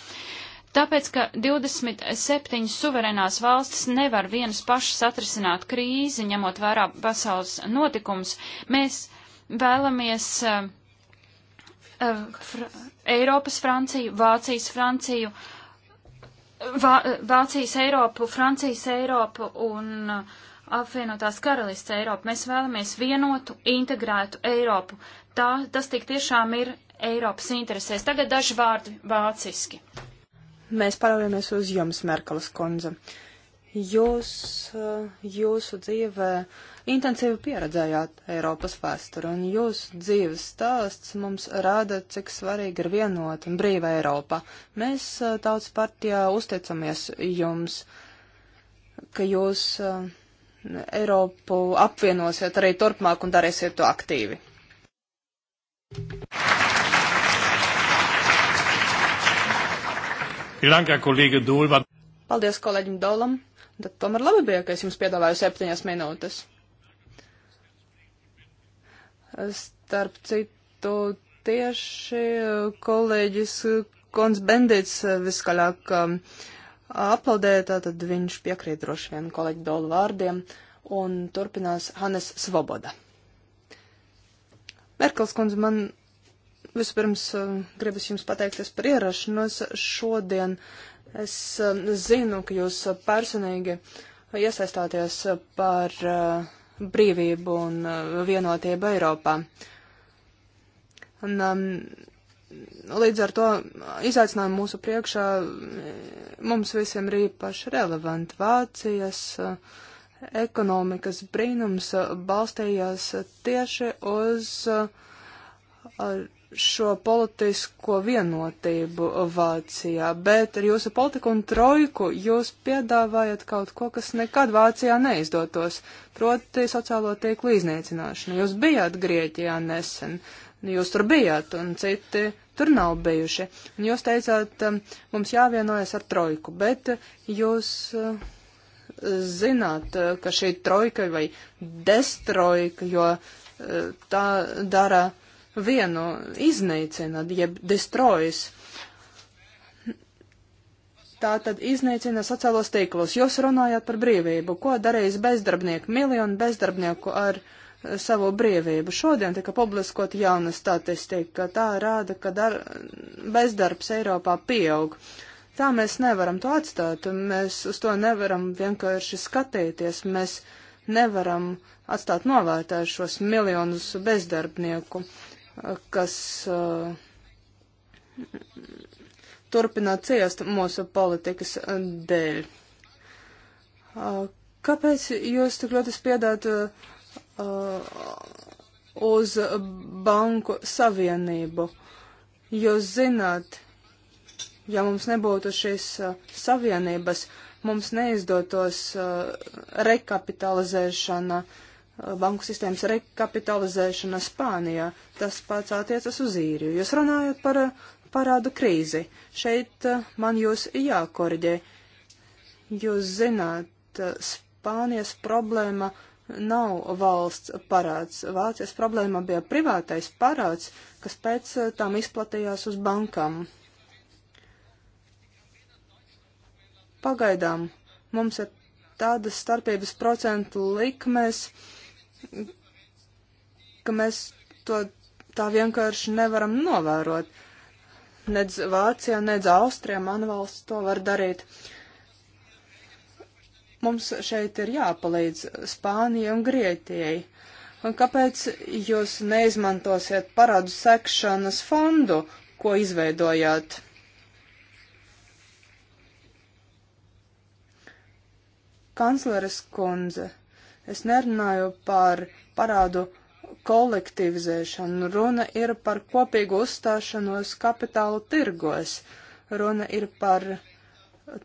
Tāpēc, ka 27 suverenās valstis nevar vienas pašas atrisināt krīzi, ņemot vērā pasaules notikums, mēs vēlamies uh, uh, fr Eiropas Franciju, Vācijas Franciju, uh, Vā, Vācijas Eiropu, Francijas Eiropu un uh, apvienotās karalists Eiropu. Mēs vēlamies vienotu, integrētu Eiropu. Tā, tas tik tiešām ir Eiropas interesēs. Tagad daži vārdi vāciski. Mēs paraugamies uz jums, Merkelas kundze. Jūs, uh, jūsu dzīvē. Uh, intensīvi pieredzējāt Eiropas vēsturi, un jūsu dzīves stāsts mums rāda, cik svarīgi ir vienot un brīva Eiropa. Mēs tautas partijā uzticamies jums, ka jūs Eiropu apvienosiet arī turpmāk un darīsiet to aktīvi. Paldies kolēģim Dolam. Tad tomēr labi bija, ka es jums piedāvāju septiņas minūtes. Starp citu, tieši kolēģis Kons Bendits viskaļāk um, aplaudēja, tātad viņš piekrīt droši vien kolēģi Dolu vārdiem, un turpinās Hannes Svoboda. Merkels kundze, man vispirms um, gribas jums pateikties par ierašanos šodien. Es um, zinu, ka jūs personīgi iesaistāties par uh, brīvību un uh, vienotību Eiropā. Un, um, līdz ar to izaicinājumi mūsu priekšā mm, mums visiem ir īpaši relevanti. Vācijas uh, ekonomikas brīnums uh, balstījās tieši uz ar, šo politisko vienotību Vācijā, bet ar jūsu politiku un trojku jūs piedāvājat kaut ko, kas nekad Vācijā neizdotos, proti sociālo tīklu iznīcināšanu. Jūs bijāt Grieķijā nesen, jūs tur bijāt un citi tur nav bijuši. Un jūs teicāt, um, mums jāvienojas ar trojku, bet jūs uh, zināt, uh, ka šī trojka vai destrojka, jo uh, tā dara vienu iznīcināt, jeb destrojas. Tā tad iznīcina sociālos tīklos. Jūs runājāt par brīvību. Ko darīs bezdarbnieki? Miljonu bezdarbnieku ar savu brīvību. Šodien tika publiskot jauna statistika. Tā rāda, ka dar... bezdarbs Eiropā pieaug. Tā mēs nevaram to atstāt. Mēs uz to nevaram vienkārši skatīties. Mēs nevaram atstāt novērtē šos miljonus bezdarbnieku. Uh, kas turpinā ciest mūsu politikas dēļ. Kāpēc jūs tik ļoti spiedāt uz banku savienību? Jūs zināt, ja mums nebūtu šīs savienības, mums neizdotos rekapitalizēšana uh, banku sistēmas rekapitalizēšana Spānijā. Tas pats attiecas uz īriju. Jūs runājat par parādu krīzi. Šeit eh, man jūs jākoriģē. Jūs zināt, eh, Spānijas problēma nav valsts parāds. Vācijas problēma bija privātais parāds, kas pēc eh, tam izplatījās uz bankām. Pagaidām mums ir tādas starpības procentu likmes, uh, ka mēs to tā vienkārši nevaram novērot. Nedz Vācijā, nedz Austrijā, man valsts to var darīt. Mums šeit ir jāpalīdz Spānijai un Grietijai. Un kāpēc jūs neizmantosiet parādu sekšanas fondu, ko izveidojāt? Kancleres kundze. Es nerunāju par parādu kolektivizēšanu, runa ir par kopīgu uzstāšanos kapitāla tirgos, runa ir par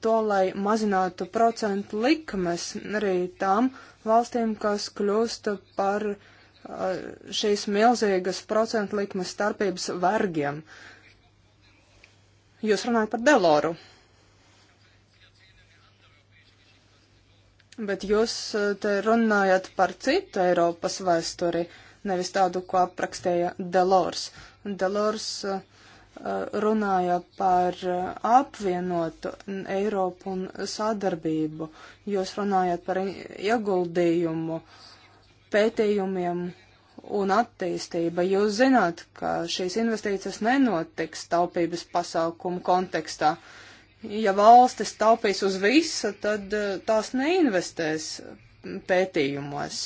to, lai mazinātu procentu likmes arī tām valstīm, kas kļūst par uh, šīs milzīgas procentu likmes starpības vergiem. Jūs runājat par Deloru. Bet jūs e, te runājat par citu Eiropas vēsturi, nevis tādu, ko aprakstīja Delors. Delors e, e, runāja par apvienotu Eiropu un sadarbību. Jūs runājat par ieguldījumu, pētījumiem un attīstību. Jūs zināt, ka šīs investīcijas nenotiks taupības pasākumu kontekstā. Uh, ja valstis taupīs uz visu, tad eh, tās neinvestēs pētījumos.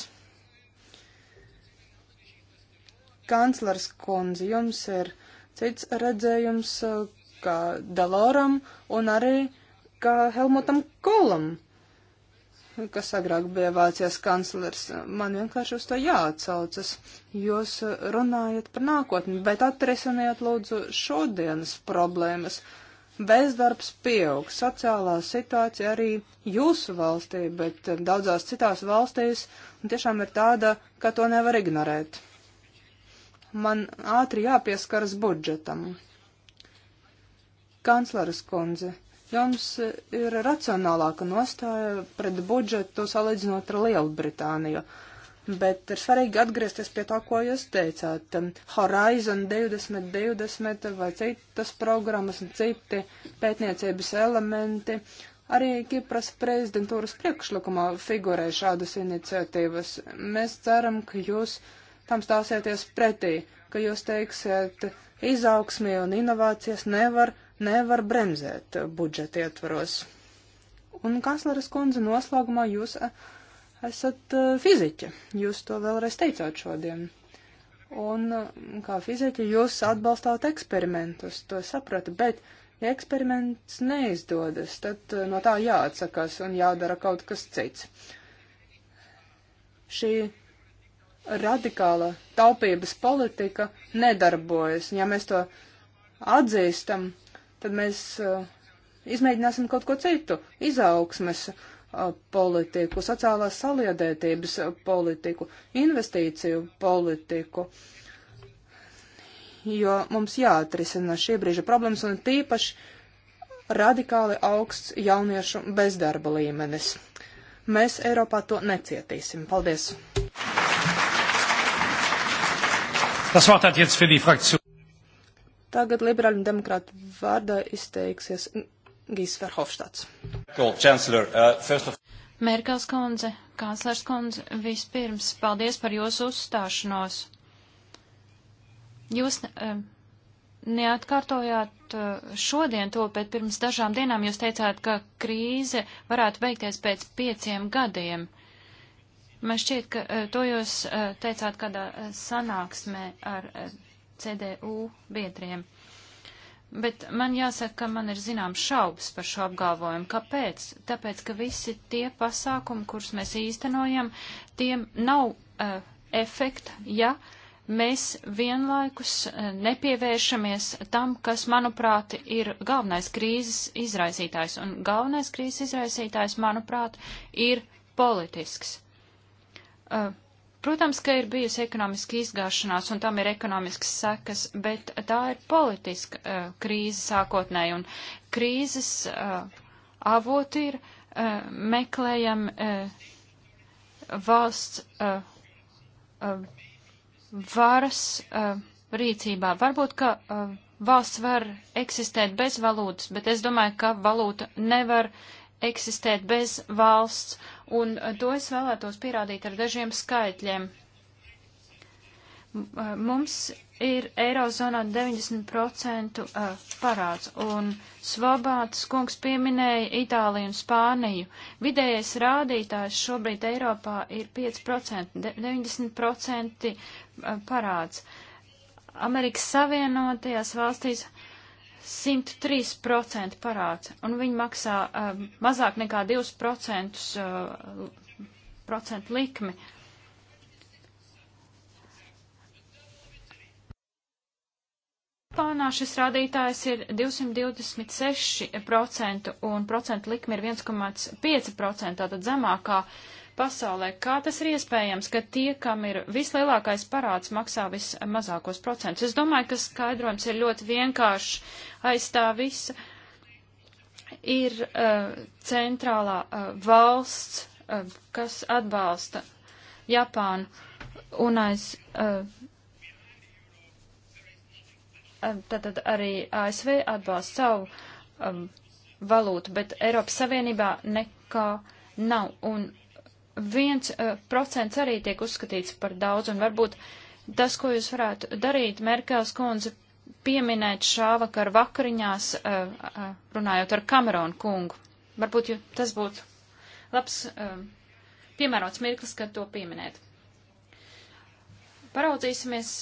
Kanclers kundze, jums ir cits redzējums eh, kā Deloram un arī kā Helmutam Kolam, kas agrāk bija Vācijas kanclers. Man vienkārši uz to jāatsaucas. Jūs eh, runājat par nākotni, bet atrisinājat lūdzu šodienas problēmas. Uh, bezdarbs pieaug. Sociālā situācija arī jūsu valstī, bet daudzās citās valstīs tiešām ir tāda, ka to nevar ignorēt. Man ātri jāpieskaras budžetam. Kancleres kundze, jums ir racionālāka nostāja pret budžetu salīdzinot ar Lielbritāniju. Uh, Bet ir svarīgi atgriezties pie tā, ko jūs teicāt. Horizon 2020 vai citas programmas un citi pētniecības elementi. Arī Kipras prezidentūras priekšlikumā figurē šādas iniciatīvas. Mēs ceram, ka jūs tam stāsieties pretī, ka jūs teiksiet, izaugsmie un inovācijas nevar, nevar bremzēt budžeta ietvaros. Un Kancleres kundze noslēgumā jūs esat eh, fiziķe. Jūs to vēlreiz teicāt šodien. Un mm, kā fiziķi jūs atbalstāt eksperimentus, to sapratu, bet ja eksperiments neizdodas, tad eh, no tā jāatsakās un jādara kaut kas cits. Šī radikāla taupības politika nedarbojas. Ja mēs to atzīstam, tad mēs uh, izmēģināsim kaut ko citu - izaugsmes politiku, sociālās saliedētības politiku, investīciju politiku, jo mums jāatrisina šī brīža problēmas un tīpaši radikāli augsts jauniešu bezdarba līmenis. Mēs Eiropā to necietīsim. Paldies! Das Wort hat jetzt für die Fraktion. Tagad liberāļu un demokrātu vārdā izteiksies Gijs Verhofstads. Cool. Uh, of... Merkels kundze, kanclers kundze, vispirms paldies par jūsu uzstāšanos. Jūs uh, neatkārtojāt uh, šodien to, bet pirms dažām dienām jūs teicāt, ka krīze varētu beigties pēc pieciem gadiem. Man šķiet, ka eh, to jūs teicāt kādā sanāksmē ar CDU biedriem. Bet man jāsaka, ka man ir zināms šaubas par šo apgalvojumu. Kāpēc? Tāpēc, ka visi tie pasākumi, kurus mēs īstenojam, tiem nav uh, eh, efekta, ja mēs vienlaikus uh, nepievēršamies tam, kas, manuprāt, ir galvenais krīzes izraisītājs. Un galvenais krīzes izraisītājs, manuprāt, ir politisks. Uh, Protams, ka ir bijusi ekonomiska izgāšanās, un tam ir ekonomiskas sekas, bet tā ir politiska uh, krīze sākotnēji, un krīzes uh, avoti ir uh, meklējami uh, valsts uh, uh, varas uh, rīcībā. Varbūt, ka uh, valsts var eksistēt bez valūtas, bet es domāju, ka valūta nevar uh, eksistēt bez valsts, un to es vēlētos pierādīt ar dažiem skaitļiem. Eh, mums ir Eirozonā 90% eh, parāds, un Svobāts kungs pieminēja Itāliju un Spāniju. Vidējais rādītājs šobrīd Eiropā ir 5%, 90% eh, parāds. Amerikas Savienotajās valstīs 103% parāds, un viņi maksā um, mazāk nekā 2% uh, eh, procentu likmi. Japānā šis rādītājs ir 226% un procentu likme ir 1,5%, tātad zemākā uh, pasaulē. Kā tas ir iespējams, ka tie, kam ir vislielākais parāds, maksā vismazākos procentus? Es domāju, ka skaidrojums ir ļoti vienkāršs aiz tā visa. Ir uh, centrālā uh, valsts, uh, kas atbalsta Japānu un aiz. Uh, Tātad arī ASV atbalsta savu um, valūtu, bet Eiropas Savienībā nekā nav. Un viens uh, procents arī tiek uzskatīts par daudz, un varbūt tas, ko jūs varētu darīt, Merkels kundze, pieminēt šāvakar vakariņās, uh, uh, runājot ar Kameronu kungu. Varbūt jūs, tas būtu labs, piemērots mirklis, kad to pieminēt. Paraudzīsimies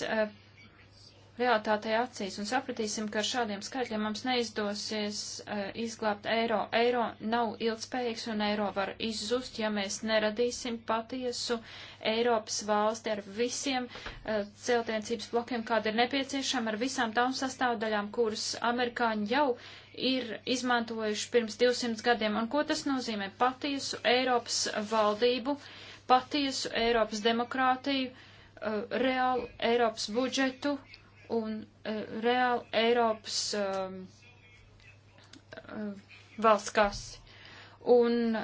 realitātei acīs un sapratīsim, ka ar šādiem skaitļiem mums neizdosies uh, izglābt eiro. Eiro nav ilgspējīgs un eiro var izzust, ja mēs neradīsim patiesu Eiropas valsti ar visiem uh, celtniecības blokiem, kāda ir nepieciešama, ar visām tām sastāvdaļām, kuras amerikāņi jau ir izmantojuši pirms 200 gadiem. Un ko tas nozīmē? Patiesu Eiropas valdību, patiesu Eiropas demokrātiju, uh, reālu Eiropas budžetu, un uh, reāli Eiropas um, uh, valsts kasi. Un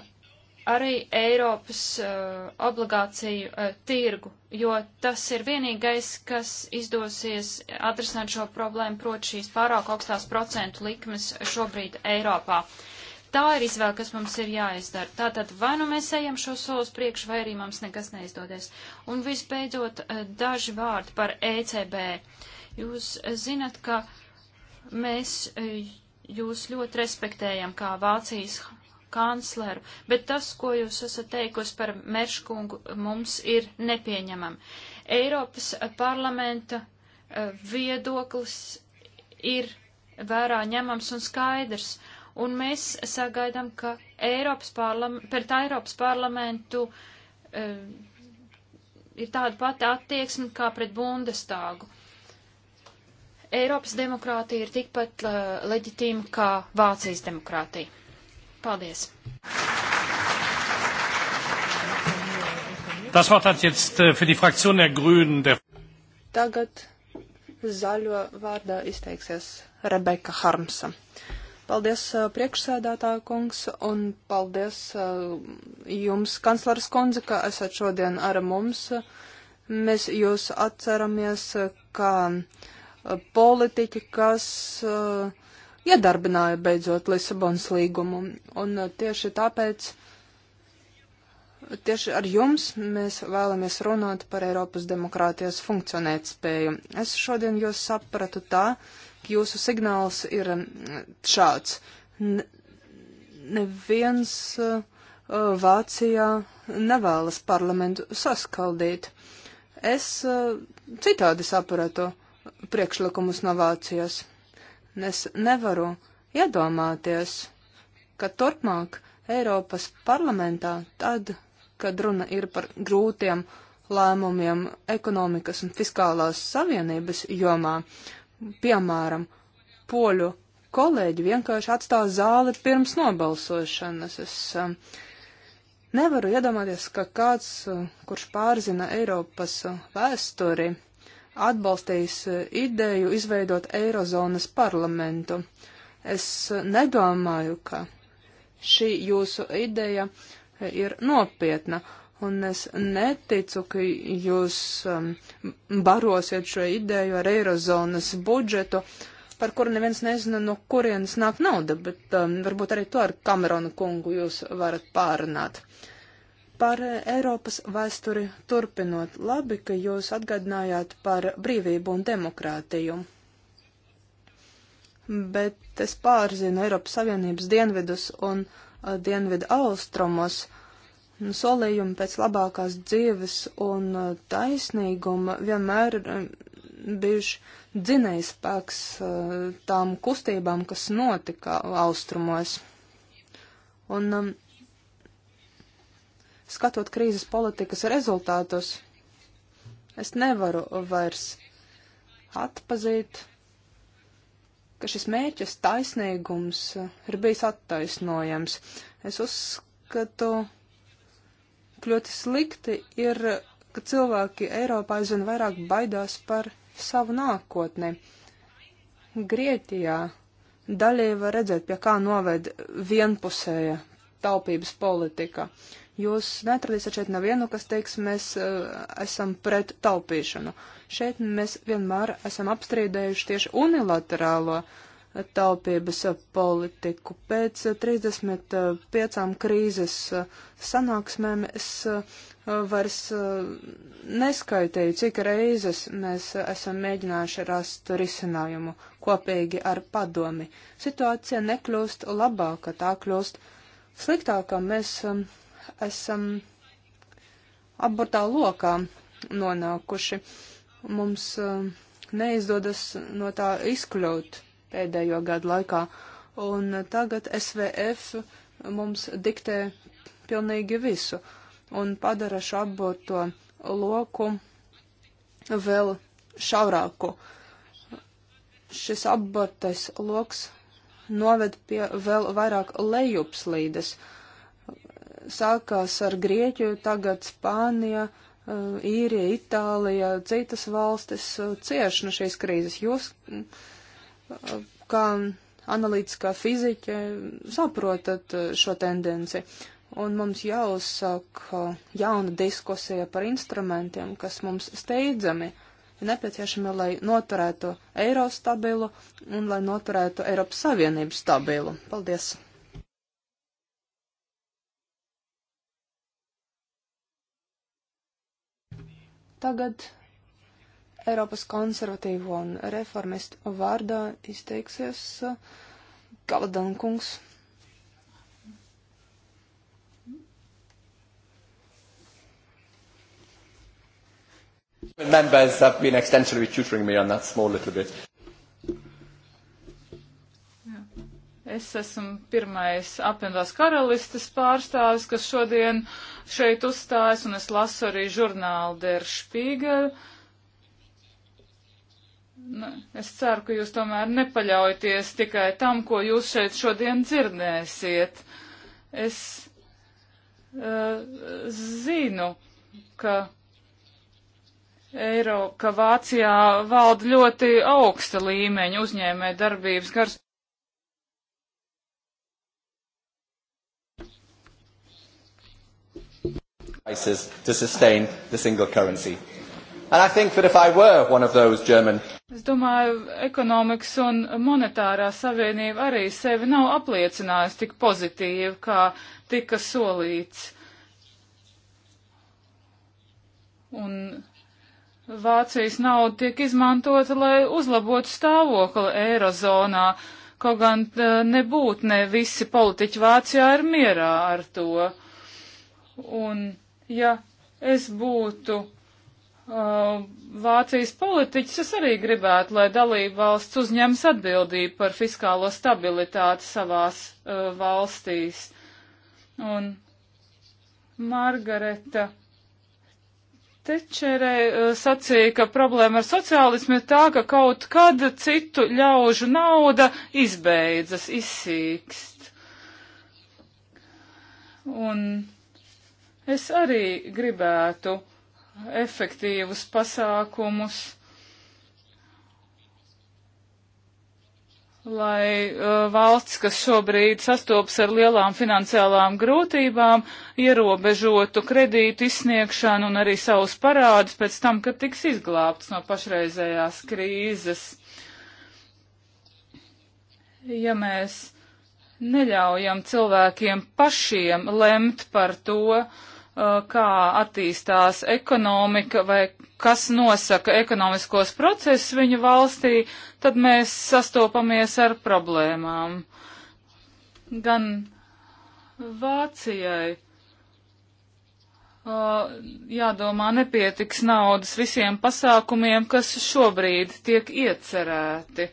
arī Eiropas uh, obligāciju uh, tirgu, jo tas ir vienīgais, kas izdosies atrisināt šo problēmu, proti šīs pārāk augstās procentu likmes šobrīd Eiropā. Tā ir izvēle, kas mums ir jāizdara. Tātad vai nu mēs ejam šo solis priekš, vai arī mums nekas neizdoties. Un visbeidzot, uh, daži vārdi par ECB. Uh, Jūs zinat, ka mēs e, jūs ļoti respektējam kā Vācijas kancleru, bet tas, ko jūs esat teikusi par Merškungu, mums ir nepieņemami. Eiropas parlamenta e, viedoklis ir vērā ņemams un skaidrs, un mēs sagaidām, ka Eiropas pret Eiropas parlamentu e, ir tāda pati attieksme kā pret Bundestāgu. Eiropas demokrātija ir tikpat uh, leģitīma kā Vācijas demokrātija. Paldies! Das Wort hat jetzt äh, für die Fraktion der Grünen der. Tagad zaļo vārdā izteiksies Rebeka Harmsa. Paldies uh, priekšsēdētāja kungs un paldies uh, jums, kanclers kundze, ka esat šodien ar mums. Mēs jūs atceramies, ka uh, politiķi, kas uh, iedarbināja beidzot Lisabonas līgumu. Un uh, tieši tāpēc, tieši ar jums mēs vēlamies runāt par Eiropas demokrātijas funkcionēt spēju. Es šodien jūs sapratu tā, ka jūsu signāls ir um, šāds. Ne, neviens uh, Vācijā nevēlas parlamentu saskaldīt. Es uh, citādi sapratu. Uh, priekšlikumus no Vācijas. Es nevaru iedomāties, ka turpmāk Eiropas parlamentā tad, kad runa ir par grūtiem lēmumiem ekonomikas un fiskālās savienības jomā, piemēram, poļu kolēģi vienkārši atstāja zāli pirms nobalsošanas. Es um, nevaru iedomāties, ka kāds, uh, kurš pārzina Eiropas uh, vēsturi, atbalstījis eh, ideju izveidot Eirozonas parlamentu. Es eh, nedomāju, ka šī jūsu ideja eh, ir nopietna, un es neticu, ka jūs ehm, barosiet šo ideju ar Eirozonas budžetu, par kuru neviens nezina, no kurienes nāk nauda, bet um, varbūt arī to ar Kamerona kungu jūs varat pārunāt. Uh, par eh, Eiropas vēsturi turpinot. Labi, ka jūs atgādinājāt par brīvību un demokrātiju. Bet es pārzinu Eiropas Savienības dienvidus un uh, dienvidu austrumos. Solījumi pēc labākās dzīves un uh, taisnīguma vienmēr uh, bijuši dzinējspēks uh, tām kustībām, kas notika austrumos. Un um, skatot krīzes politikas rezultātus, es nevaru vairs atpazīt, ka šis mērķis taisnīgums ir bijis attaisnojams. Es uzskatu, ka ļoti slikti ir, ka cilvēki Eiropā aizvien vairāk baidās par savu nākotni. Grieķijā daļai var redzēt, pie kā noved vienpusēja taupības politika. Uh, Jūs netradīsiet šeit nevienu, kas teiks, mēs uh, esam pret taupīšanu. Šeit mēs vienmēr esam apstrīdējuši tieši unilaterālo taupības politiku. Pēc 35 eh, krīzes eh, sanāksmēm es vairs neskaitīju, cik reizes mēs esam mēģinājuši rast risinājumu kopīgi ar padomi. Situācija nekļūst labāka, tā kļūst sliktāka. Mēs esam abortā lokā nonākuši. Mums eh, neizdodas no tā izkļūt pēdējo gadu laikā, un eh, tagad SVF mums diktē pilnīgi visu un padara šo aborto loku vēl šaurāku. Šis abortais loks noved pie vēl vairāk lejupslīdes. Uh, sākās ar Grieķiju, tagad Spānija, eh, Īrija, Itālija, citas valstis eh, cieš no šīs krīzes. Jūs, eh, kā analītiskā fiziķe, saprotat šo tendenci. Un mums jāuzsāk jauna diskusija par instrumentiem, kas mums steidzami ir nepieciešami, lai noturētu eiro stabilu un lai noturētu Eiropas Savienību stabilu. Paldies! Tagad Eiropas konservatīvo un reformistu vārdā izteiksies Kaladankungs. Uh, Members have been extensively tutoring me on that small little bit. Es esmu pirmais apvienotās karalistes pārstāvis, kas šodien šeit uzstājas, un es lasu arī žurnālu Der Spiegel. Nu, es ceru, ka jūs tomēr nepaļaujaties tikai tam, ko jūs šeit šodien dzirdēsiet. Es uh, zinu, ka Eiro, ka Vācijā valda ļoti augsta līmeņa uzņēmē darbības gars. prices to sustain the single currency. And I think that if I were one of those German Es domāju, ekonomikas un monetārā savienība arī sevi nav apliecinājusi tik pozitīvi, kā tika solīts. Un Vācijas nauda tiek izmantota, lai uzlabotu stāvokli Eirozonā, kaut gan e, nebūtu ne visi politiķi Vācijā ir mierā ar to. Un ja es būtu uh, Vācijas politiķis, es arī gribētu, lai dalība valsts uzņems atbildību par fiskālo stabilitāti savās uh, valstīs. Un Margareta Tečere uh, sacīja, ka problēma ar sociālismu ir tā, ka kaut kad citu ļaužu nauda izbeidzas, izsīkst. Un Es arī gribētu efektīvus pasākumus, lai uh, valsts, kas šobrīd sastopas ar lielām finansiālām grūtībām, ierobežotu kredītu izsniegšanu un arī savus parādus pēc tam, kad tiks izglābts no pašreizējās krīzes. Ja mēs neļaujam cilvēkiem pašiem lemt par to, uh, Uh, kā attīstās ekonomika vai kas nosaka ekonomiskos procesus viņu valstī, tad mēs sastopamies ar problēmām. Gan Vācijai uh, jādomā nepietiks naudas visiem pasākumiem, kas šobrīd tiek iecerēti.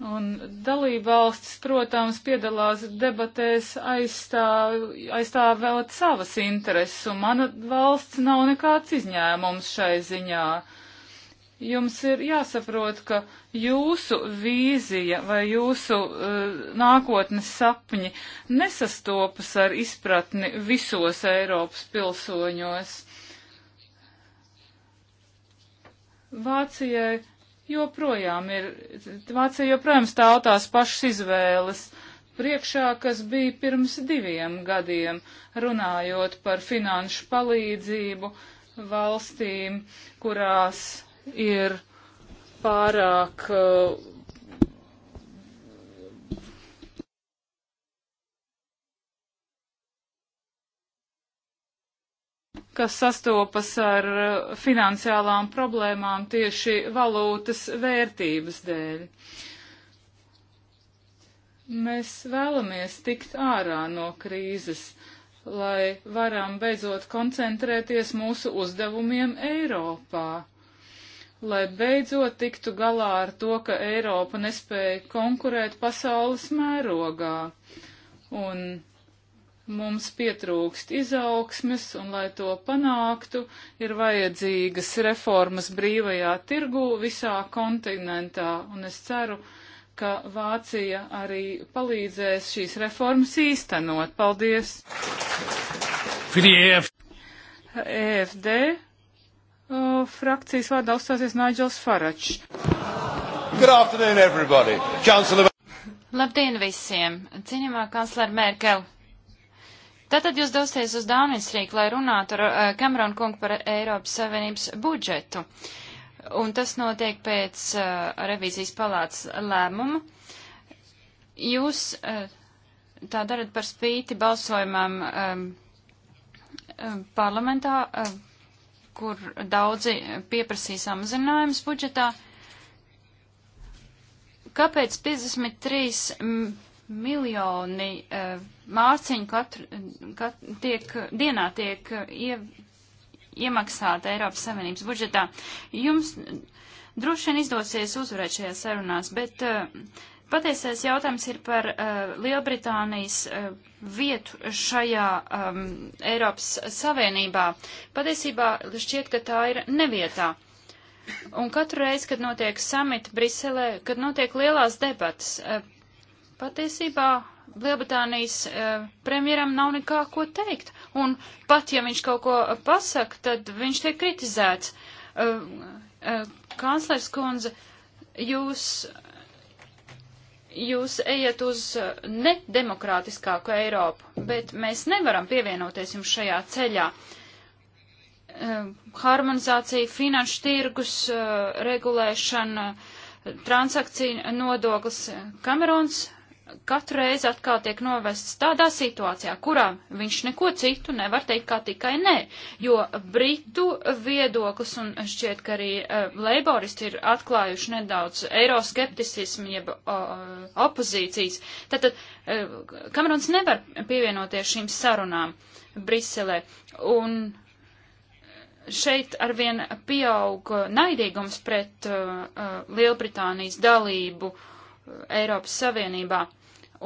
Un dalībvalstis, protams, piedalās debatēs aizstāv, aizstāvot savas intereses, un mana valsts nav nekāds izņēmums šai ziņā. Jums ir jāsaprot, ka jūsu vīzija vai jūsu uh, nākotnes sapņi nesastopas ar izpratni visos Eiropas pilsoņos. Vācijai joprojām ir, Vācija joprojām stāv tās pašas izvēles priekšā, kas bija pirms diviem gadiem, runājot par finanšu palīdzību valstīm, kurās ir pārāk uh, kas sastopas ar eh, finansiālām problēmām tieši valūtas vērtības dēļ. Mēs vēlamies tikt ārā no krīzes, lai varam beidzot koncentrēties mūsu uzdevumiem Eiropā, lai beidzot tiktu galā ar to, ka Eiropa nespēja konkurēt pasaules mērogā. Un Mums pietrūkst izaugsmes, un lai to panāktu, ir vajadzīgas reformas brīvajā tirgu visā kontinentā, un es ceru, ka Vācija arī palīdzēs šīs reformas īstenot. Paldies! Frief. E EFD uh, e frakcijas vārdā uzstāsies Nigels Faračs. Good afternoon, everybody. Chancellor. Labdien visiem! Cienījumā kanclere Merkel! Tātad jūs dosieties uz Dānijas lai runātu ar uh, eh, Kameronu kungu par Eiropas Savienības budžetu. Un tas notiek pēc uh, revīzijas palātas lēmuma. Jūs uh, tā darat par spīti balsojumam um, parlamentā, uh, kur daudzi pieprasīja samazinājumus budžetā. Kāpēc 53 miljoni uh, mārciņu katru, kat, tiek, dienā tiek eh, ie, iemaksāta Eiropas Savienības budžetā. Jums droši vien izdosies uzvarēt šajās sarunās, bet uh, patiesais jautājums ir par uh, Lielbritānijas uh, vietu šajā um, Eiropas Savienībā. Patiesībā šķiet, ka tā ir nevietā. Un katru reizi, kad notiek samita Briselē, kad notiek lielās debatas, uh, Patiesībā Lielbritānijas uh, premjeram nav nekā ko teikt, un pat ja viņš kaut ko e, pasaka, tad viņš tiek kritizēts. Uh, uh, kanclers kundze, jūs, jūs ejat uz nedemokrātiskāku Eiropu, bet mēs nevaram pievienoties jums šajā ceļā. Harmonizācija, finanšu tirgus, regulēšana, transakcija nodoklis. Kamerons katru reizi atkal tiek novests tādā situācijā, kurā viņš neko citu nevar teikt kā tikai nē, jo Britu viedoklis un šķiet, ka arī uh, leiboristi ir atklājuši nedaudz eiroskepticismu jeb uh, opozīcijas. Tātad uh, Kamerons nevar pievienoties šīm sarunām Briselē. Un šeit arvien pieaug naidīgums pret uh, uh, Lielbritānijas dalību uh, Eiropas Savienībā.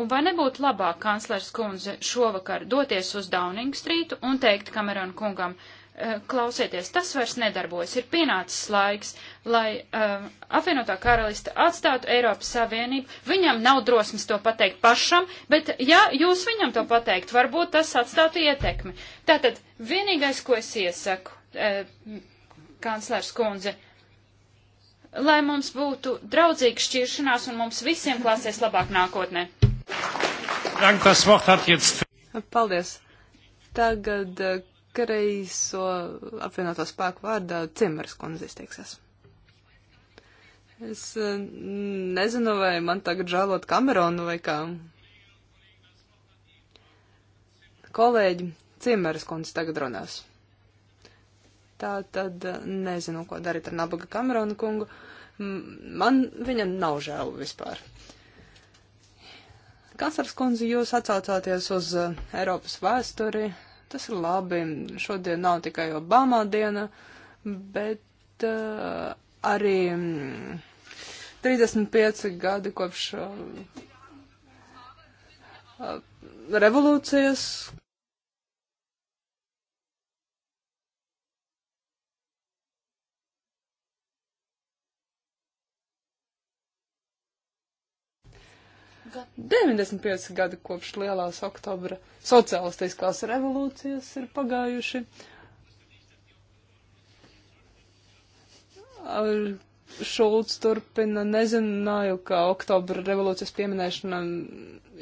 Un vai nebūtu labāk, kanclers kundze, šovakar doties uz Downing strītu un teikt Kamerona kungam, e, klausieties, tas vairs nedarbojas, ir pienācis laiks, lai uh, apvienotā karaliste atstātu Eiropas Savienību. Viņam nav drosmes to pateikt pašam, bet ja jūs viņam to pateikt, varbūt tas atstātu ietekmi. Tātad vienīgais, ko es iesaku, uh, kanclers kundze, uh, lai mums būtu draudzīga šķiršanās un mums visiem klāsies labāk nākotnē. Paldies! Tagad eh, kreiso apvienoto spēku vārdā Cimers kundze izteiksies. Es eh, nezinu, vai man tagad žēlot Kameronu vai kā. Kolēģi, Cimers kundze tagad runās. Tā tad eh, nezinu, ko darīt ar nabaga Kamerona kungu. Man viņa nav žēl vispār. Kanclers kundze, jūs atcaucāties uz eh, Eiropas vēsturi. Tas ir labi. Šodien nav tikai Obama diena, bet uh, arī 35 gadi kopš uh, revolūcijas, 95 gadi kopš lielās oktobra sociālistiskās revolūcijas ir pagājuši. Šulcs turpina, nezināju, ka oktobra revolūcijas pieminēšana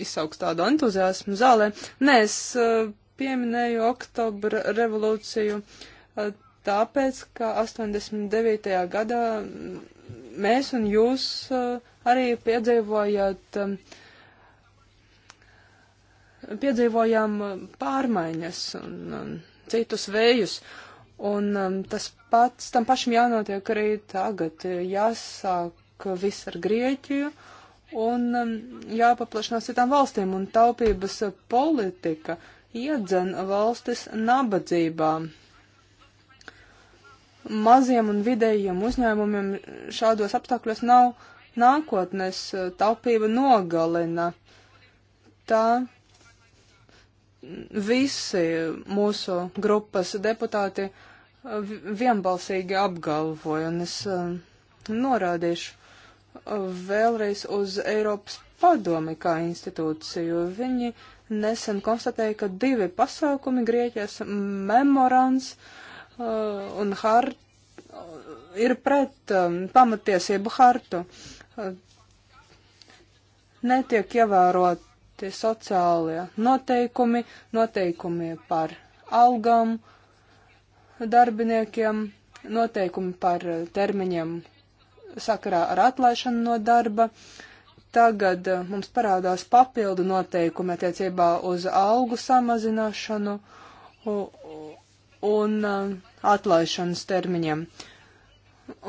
izsauks tādu entuziasmu zālē. Nē, es eh, pieminēju oktobra revolūciju eh, tāpēc, ka 89. gadā mm, mēs un jūs eh, arī piedzīvojāt uh, piedzīvojām uh, pārmaiņas un, un citus vējus, un um, tas pats, tam pašam jānotiek arī tagad, jāsāk viss ar Grieķiju un um, jāpaplašinās citām valstīm, un taupības politika iedzen valstis nabadzībā. Maziem un vidējiem uzņēmumiem šādos apstākļos nav nākotnes, taupība nogalina. Tā visi mūsu grupas deputāti vienbalsīgi apgalvoja, un es eh, norādīšu eh, vēlreiz uz Eiropas padomi kā institūciju. Viņi nesen konstatēja, ka divi pasākumi Grieķijas memorands eh, un hart ir pret pamatiesību hartu. Netiek ievērot noteikti sociālie noteikumi, noteikumi par algām darbiniekiem, noteikumi par termiņiem sakarā ar atlaišanu no darba. Tagad eh, mums parādās papildu noteikumi attiecībā uz algu samazināšanu un eh, atlaišanas termiņiem.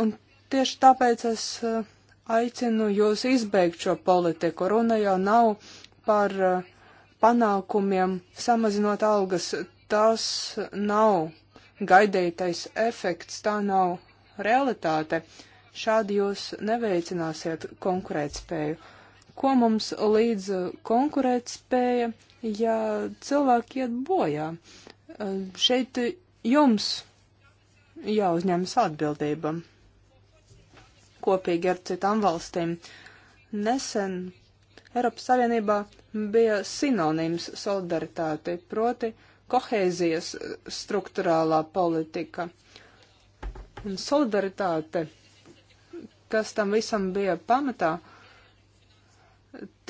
Un tieši tāpēc es eh, aicinu jūs izbeigt šo politiku. Runa jau nav par eh, panākumiem, samazinot algas. Tas nav gaidītais efekts, tā nav realitāte. Šādi jūs neveicināsiet konkurētspēju. Ko mums līdz eh, konkurētspēja, ja cilvēki iet bojā? Eh, šeit jums jāuzņemas atbildība kopīgi ar citām valstīm. Nesen Eiropas Savienībā bija sinonīms solidaritātei, proti kohēzijas struktūrālā politika. Un solidaritāte, kas tam visam bija pamatā,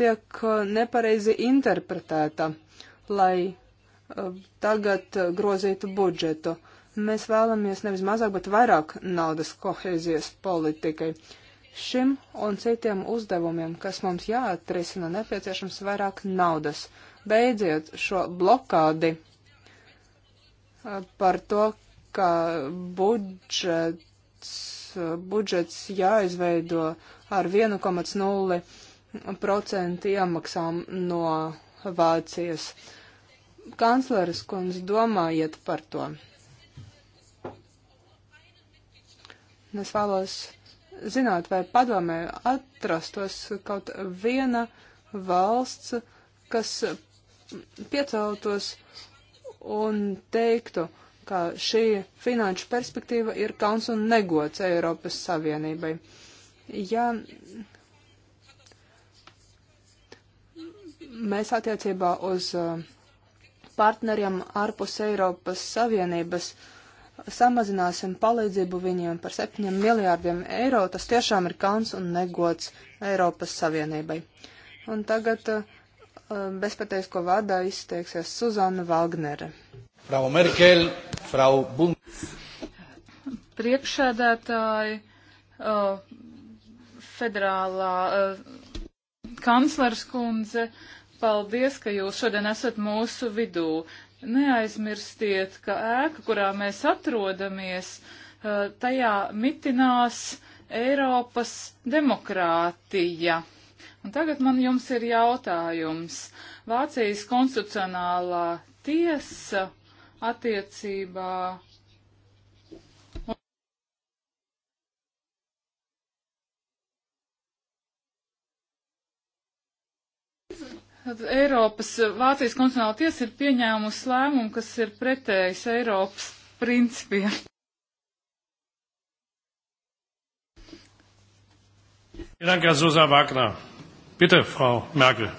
tiek uh, nepareizi interpretēta, lai uh, tagad grozītu budžetu. Mēs vēlamies nevis mazāk, bet vairāk naudas kohēzijas politikai. Uh, Šim un citiem uzdevumiem, kas mums jāatrisina, nepieciešams vairāk naudas. Beidziet šo blokādi par to, ka budžets, budžets jāizveido ar 1,0% iemaksām no Vācijas. Kancleris kundze, domājiet par to. Es vēlos zināt, vai padomē atrastos kaut viena valsts, kas pieceltos un teiktu, ka šī finanšu perspektīva ir kauns un negods Eiropas Savienībai. Ja mēs attiecībā uz uh, partneriem ārpus Eiropas Savienības uh, samazināsim palīdzību viņiem par 7 miljārdiem eiro, tas tiešām ir kauns un negods Eiropas Savienībai. Un tagad uh, bezpateisko vārdā izteiksies Suzana Valgnere. Frau Merkel, Frau Bund. Priekšēdētāji, uh, eh, federālā uh, kanclers kundze, paldies, ka jūs šodien esat mūsu vidū. Neaizmirstiet, ka ēka, kurā mēs atrodamies, eh, tajā mitinās Eiropas demokrātija. Un tagad man jums ir jautājums. Vācijas konstitucionālā tiesa attiecībā Eiropas Vācijas konstitucionāla tiesa ir pieņēmusi lēmumu, kas ir pretējs Eiropas principiem. Danke, Susa Wagner. Bitte, Frau Merkel.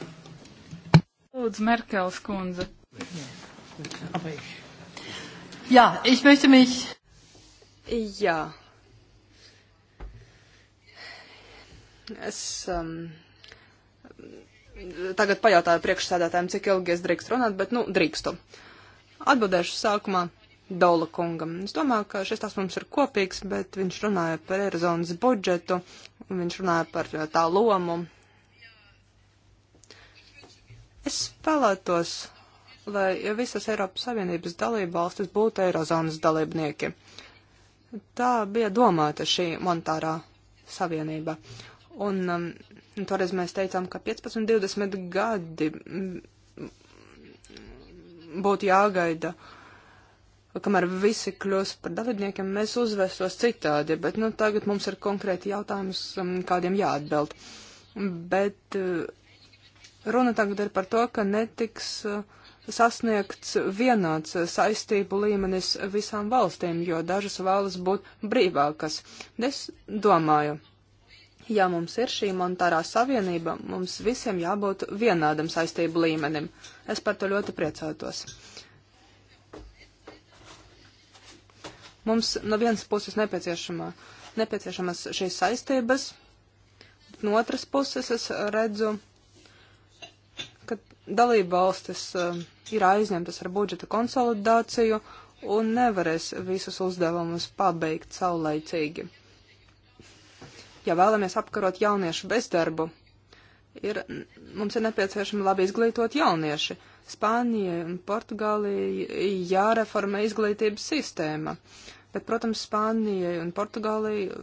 Lūdzu, Merkels kundze. Jā, ich möchte mich. Jā. Es. Um, Tagad pajautāju priekšsēdētājiem, cik ilgi es drīkstu runāt, bet, nu, drīkstu. Atbildēšu sākumā Daula kungam. Es domāju, ka šis tās mums ir kopīgs, bet viņš runāja par Eirozonas budžetu, viņš runāja par uh, tā lomu. Es spēlētos, lai ja visas Eiropas Savienības dalība valstis būtu Eirozonas dalībnieki. Tā bija domāta šī monetārā savienība. Un um, Un nu, toreiz mēs teicām, ka 15, 20 gadi mm, būtu jāgaida, kamēr visi kļūs par dalībniekiem, mēs uzvestos citādi, bet nu, tagad mums ir konkrēti jautājums, mm, kādiem jāatbild. Bet eh, runa tagad ir par to, ka netiks eh, sasniegts vienāds saistību līmenis visām valstīm, jo dažas vēlas būt brīvākas. Es domāju, Ja mums ir šī monetārā savienība, mums visiem jābūt vienādam saistību līmenim. Es par to ļoti priecātos. Mums no vienas puses nepieciešama, nepieciešamas šīs saistības, bet no otras puses es redzu, ka dalība valstis eh, ir aizņemtas ar budžeta konsolidāciju un nevarēs visus uzdevumus pabeigt saulaicīgi ja vēlamies apkarot jauniešu bezdarbu, ir, mums ir nepieciešami labi izglītot jaunieši. Spānija un Portugālija jāreformē izglītības sistēma. Bet, protams, Spānijai un Portugālija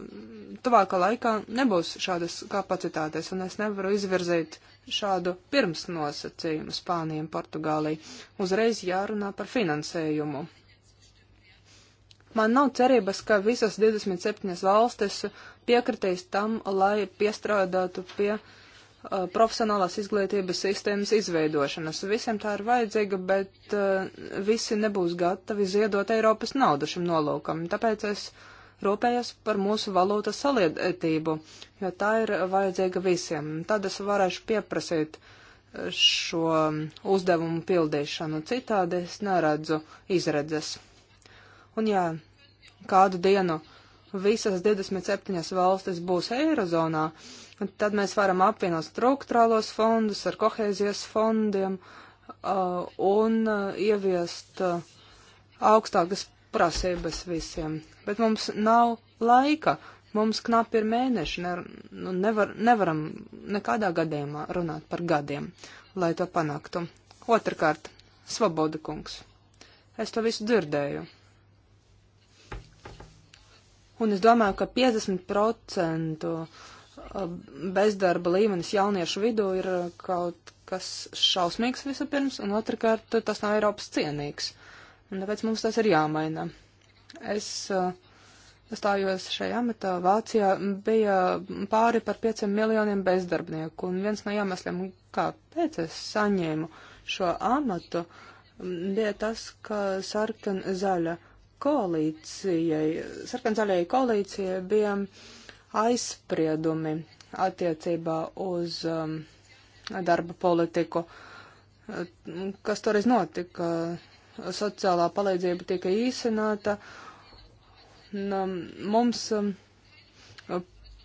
tuvākā laikā nebūs šādas kapacitātes, un es nevaru izvirzīt šādu pirmsnosacījumu Spānijai un Portugālija. Uzreiz jārunā par finansējumu. Man nav cerības, ka visas 27 valstis piekritīs tam, lai piestrādātu pie uh, profesionālās izglītības sistēmas izveidošanas. Visiem tā ir vajadzīga, bet uh, visi nebūs gatavi ziedot Eiropas naudu šim nolūkam. Tāpēc es rūpējos par mūsu valūtas saliedētību, jo tā ir vajadzīga visiem. Tad es varēšu pieprasīt šo uzdevumu pildīšanu. Citādi es neredzu izredzes. Un ja kādu dienu visas 27 valstis būs Eirozonā, tad mēs varam apvienot struktūrālos fondus ar kohēzijas fondiem uh, un uh, ieviest uh, augstākas prasības visiem. Bet mums nav laika, mums knapi ir mēneši, ne, nu, nevar, nevaram nekādā gadījumā runāt par gadiem, lai to panāktu. Otrakārt, Svoboda kungs. Es to visu dzirdēju. Un es domāju, ka 50% uh, bezdarba līmenis jauniešu vidū ir uh, kaut kas šausmīgs vispirms, un otrkārt tas nav Eiropas cienīgs. Un tāpēc mums tas ir jāmaina. Es uh, stājos šajā amatā. Vācijā bija pāri par 5 miljoniem bezdarbnieku, un viens no iemesliem, kāpēc es saņēmu šo amatu, mm, bija tas, ka sarkan zaļa koalīcijai, sarkanzaļajai koalīcijai bija aizspriedumi attiecībā uz um, darba politiku, kas toreiz notika. Sociālā palīdzība tika īsenāta. Un, nu, um, mums um,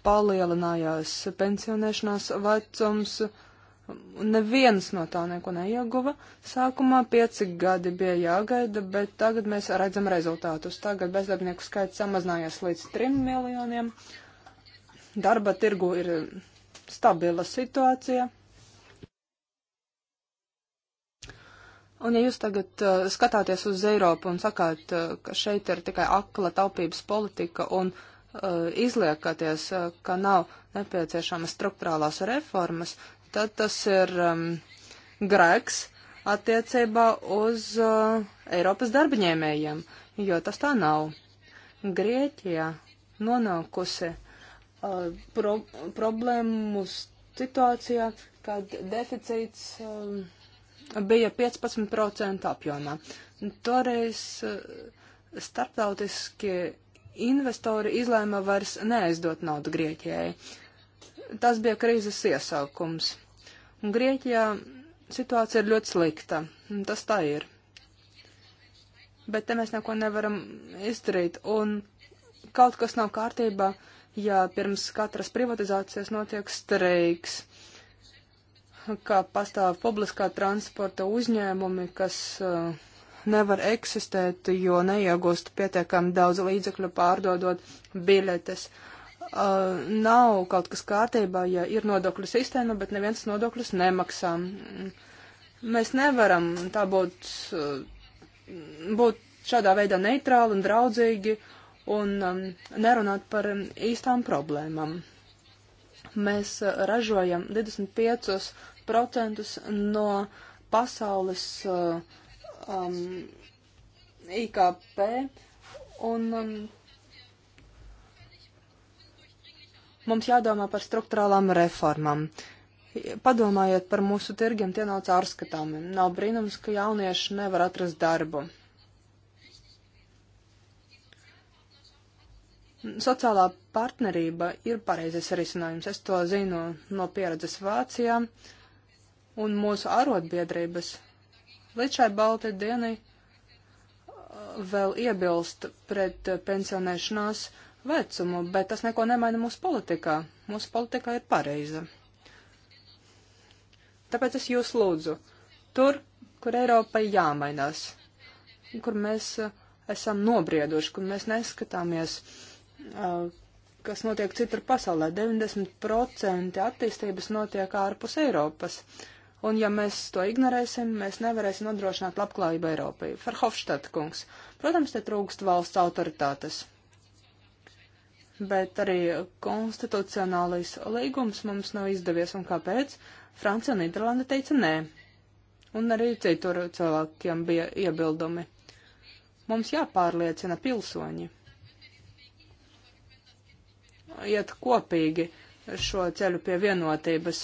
palielinājās pensionēšanās vecums. Uh, Neviens no tā neko neieguva. Sākumā pieci gadi bija jāgaida, bet tagad mēs redzam rezultātus. Tagad bezdarbnieku skaits samazinājies līdz trim miljoniem. Darba tirgu ir stabila situācija. Un ja jūs tagad uh, skatāties uz Eiropu un sakāt, uh, ka šeit ir tikai akla taupības politika un uh, izliekaties, uh, ka nav nepieciešamas struktūrālās reformas, tad tas ir um, grēks attiecībā uz uh, Eiropas darbaņēmējiem, jo tas tā nav. Grieķijā nonākusi uh, pro problēmu situācijā, kad deficīts um, bija 15% apjomā. Toreiz uh, starptautiskie investori izlēma vairs neaizdot naudu Grieķijai. Tas bija krīzes iesaukums. Un Grieķijā situācija ir ļoti slikta. Tas tā ir. Bet te mēs neko nevaram izdarīt. Un kaut kas nav kārtībā, ja pirms katras privatizācijas notiek streiks, kā pastāv publiskā transporta uzņēmumi, kas uh, nevar eksistēt, jo neiegūst pietiekami daudz līdzekļu pārdodot biļetes. Uh, uh, nav kaut kas kārtībā, ja ir nodokļu sistēma, bet neviens nodokļus nemaksā. Mēs nevaram tā būt, uh, būt šādā veidā neitrāli un draudzīgi un um, nerunāt par um, īstām problēmām. Mēs uh, ražojam 25% no pasaules uh, um, IKP, un um, Mums jādomā par struktūrālām reformām. Padomājiet par mūsu tirgiem, tie nav caurskatāmi. Nav brīnums, ka jaunieši nevar atrast darbu. Sociālā partnerība ir pareizais risinājums. Es to zinu no pieredzes Vācijā un mūsu arotbiedrības. Līdz šai baltai dienai uh, vēl iebilst pret pensionēšanās vecumu, bet tas neko nemaina mūsu politikā. Mūsu politikā ir pareiza. Tāpēc es jūs lūdzu, tur, kur Eiropa jāmainās, kur mēs uh, esam nobrieduši, kur mēs neskatāmies, uh, kas notiek citur pasaulē. 90% attīstības notiek ārpus Eiropas. Un ja mēs to ignorēsim, mēs nevarēsim nodrošināt labklājību Eiropai. Farhofštad kungs. Protams, te trūkst valsts autoritātes bet arī konstitucionālais līgums mums nav izdevies, un kāpēc? Francija un Nīderlanda teica nē, un arī citur cilvēkiem bija iebildumi. Mums jāpārliecina pilsoņi iet kopīgi šo ceļu pie vienotības.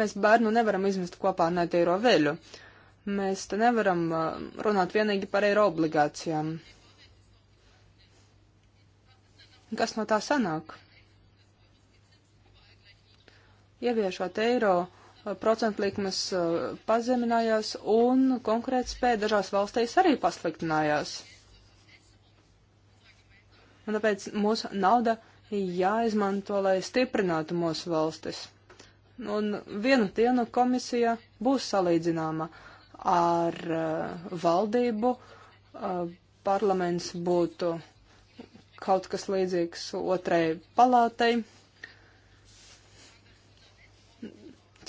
Mēs bērnu nevaram izmest kopā netīro veļu. Mēs te nevaram uh, runāt vienīgi par eiro obligācijām. Kas no tā sanāk? Ieviešot eiro, eh, procentu likmes eh, pazeminājās un konkurētspēja dažās valstīs arī pasliktinājās. Un tāpēc mūsu nauda jāizmanto, lai stiprinātu mūsu valstis. Un vienu dienu komisija būs salīdzināma ar uh, valdību, uh, parlaments būtu kaut kas līdzīgs otrai palātai.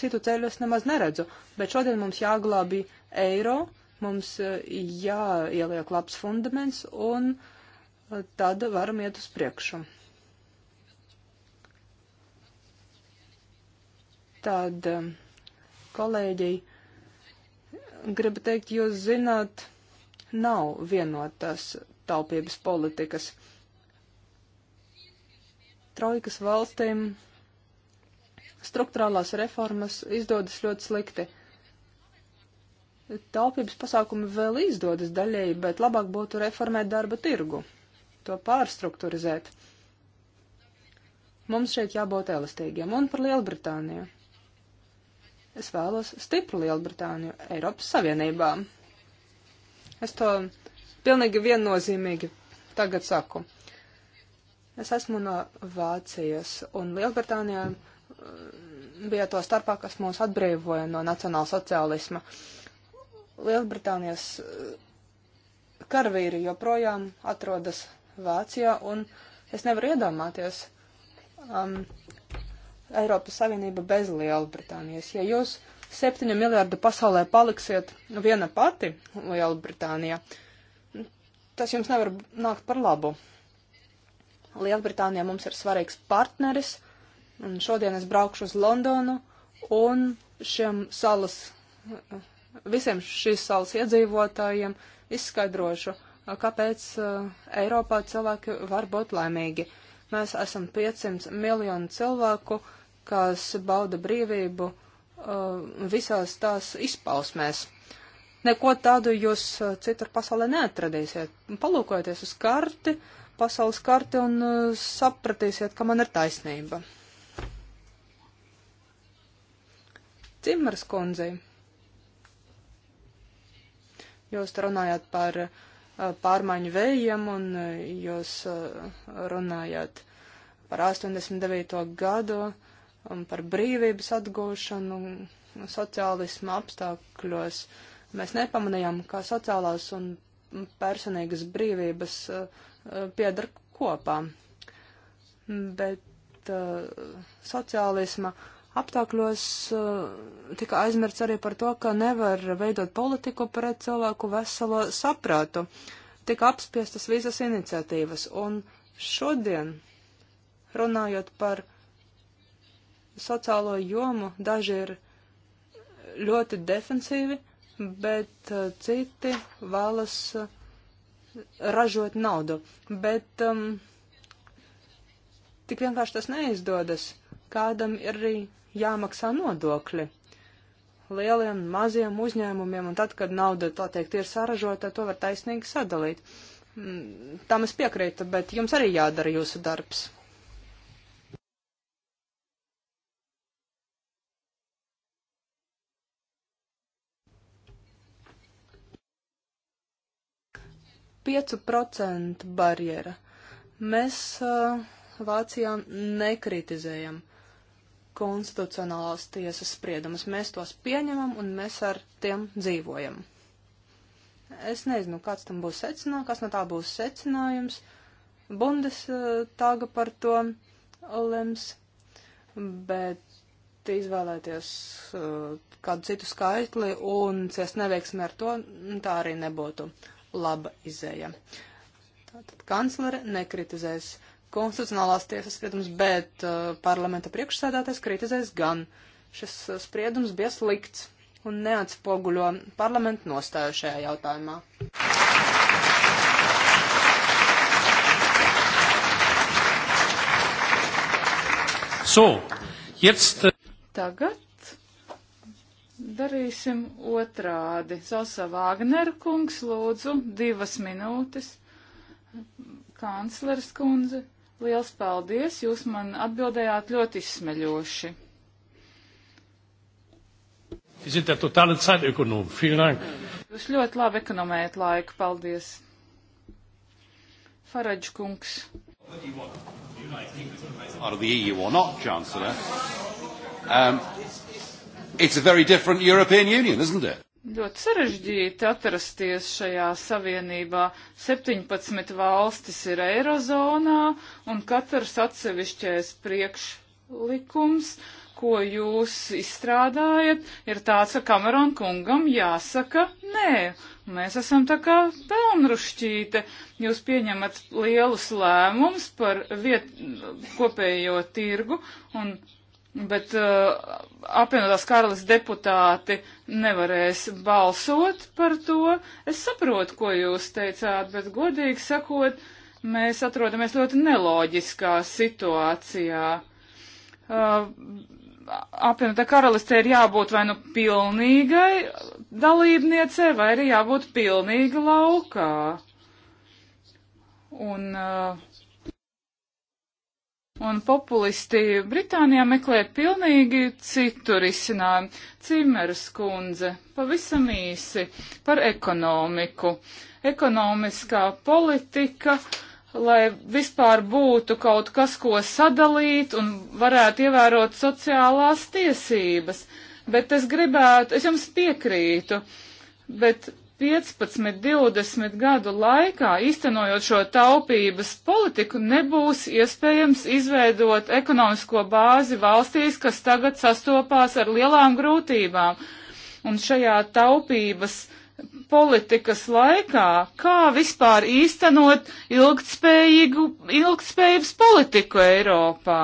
Citu ceļu es nemaz neredzu, bet šodien mums jāglābi eiro, mums eh, jāieliek labs fundaments un eh, tad varam iet uz priekšu. Tad, eh, kolēģi, gribu teikt, jūs zināt, nav vienotas taupības politikas trojkas valstīm struktūrālās reformas izdodas ļoti slikti. Taupības pasākumi vēl izdodas daļēji, bet labāk būtu reformēt darba tirgu, to pārstruktūrizēt. Mums šeit jābūt elastīgiem un par Lielbritāniju. Es vēlos stipru Lielbritāniju Eiropas Savienībā. Es to pilnīgi viennozīmīgi tagad saku. Es esmu no Vācijas, un Lielbritānijā mm, bija to starpā, kas mūs atbrīvoja no nacionāla sociālisma. Lielbritānijas mm, karavīri joprojām atrodas Vācijā, un es nevaru iedomāties um, Eiropas Savienību bez Lielbritānijas. Ja jūs septiņu miljardu pasaulē paliksiet viena pati Lielbritānijā, tas jums nevar nākt par labu. Lielbritānija mums ir svarīgs partneris. Un šodien es braukšu uz Londonu un šiem salas, visiem šīs salas iedzīvotājiem izskaidrošu, kāpēc Eiropā cilvēki var būt laimīgi. Mēs esam 500 miljonu cilvēku, kas bauda brīvību visās tās izpausmēs. Neko tādu jūs citur pasaulē neatradīsiet. Palūkojieties uz karti, uh, pasaules karti un uh, sapratīsiet, ka man ir taisnība. Cimers kundzei. Jūs runājāt par uh, pārmaiņu vējiem un uh, jūs runājāt par 89. gadu un par brīvības atgūšanu sociālismu apstākļos. Mēs nepamanījām, kā sociālās un personīgas brīvības uh, Eh, piedar kopā. Bet eh, sociālisma apstākļos eh, tika aizmirsts arī par to, ka nevar veidot politiku pret cilvēku veselo saprātu. Tika apspiestas visas iniciatīvas. Un šodien, runājot par sociālo jomu, daži ir ļoti defensīvi, bet citi vēlas. Uh, ražot naudu. Bet um, tik vienkārši tas neizdodas. Kādam ir arī jāmaksā nodokļi. Lieliem, maziem uzņēmumiem, un tad, kad nauda, tā teikt, ir saražota, to var taisnīgi sadalīt. Mm, tam es piekrītu, bet jums arī jādara jūsu darbs. 5% barjera. Mēs uh, Vācijā nekritizējam konstitucionālās tiesas spriedumus. Mēs tos pieņemam un mēs ar tiem dzīvojam. Es nezinu, kāds tam būs secinājums, kas no tā būs secinājums. Bundestāga par to lems, bet izvēlēties uh, kādu citu skaitli un ciest neveiksmi ar to, tā arī nebūtu laba izēja. Tātad kanclere nekritizēs konstitucionālās tiesas spriedums, bet uh, parlamenta priekšsēdētājs kritizēs gan. Šis uh, spriedums bija slikts un neatspoguļo parlamentu nostāju šajā jautājumā. So, jetzt, uh... Tagad darīsim otrādi. Zosa Vāgner kungs, lūdzu, divas minūtes. Kanclers kundze, liels paldies, jūs man atbildējāt ļoti izsmeļoši. Jūs ļoti labi ekonomējat laiku, paldies. Faradž kungs. Are the EU or not, Chancellor? Um, It's a very different European Union, isn't it? Ļoti sarežģīti atrasties šajā savienībā. 17 valstis ir Eirozonā un katrs atsevišķais priekšlikums, ko jūs izstrādājat, ir tāds, ka Kamerona kungam jāsaka nē. Mēs esam tā kā pelnrušķīte. Jūs pieņemat lielus lēmumus par viet, kopējo tirgu un bet uh, apvienotās karalis deputāti nevarēs balsot par to. Es saprotu, ko jūs teicāt, bet godīgi sakot, mēs atrodamies ļoti neloģiskā situācijā. Uh, apvienotā karalistē ir jābūt vai nu pilnīgai dalībniecei, vai arī jābūt pilnīgi laukā. Un uh, un populisti Britānijā meklē pilnīgi citu risinājumu. Cimeras kundze, pavisam īsi par ekonomiku. Ekonomiskā politika, lai vispār būtu kaut kas, ko sadalīt un varētu ievērot sociālās tiesības. Bet es gribētu, es jums piekrītu, bet 15, 20 gadu laikā, iztenojot šo taupības politiku, nebūs iespējams izveidot ekonomisko bāzi valstīs, kas tagad sastopās ar lielām grūtībām. Un šajā taupības politikas laikā, kā vispār īstenot ilgtspējīgu, ilgtspējības politiku Eiropā.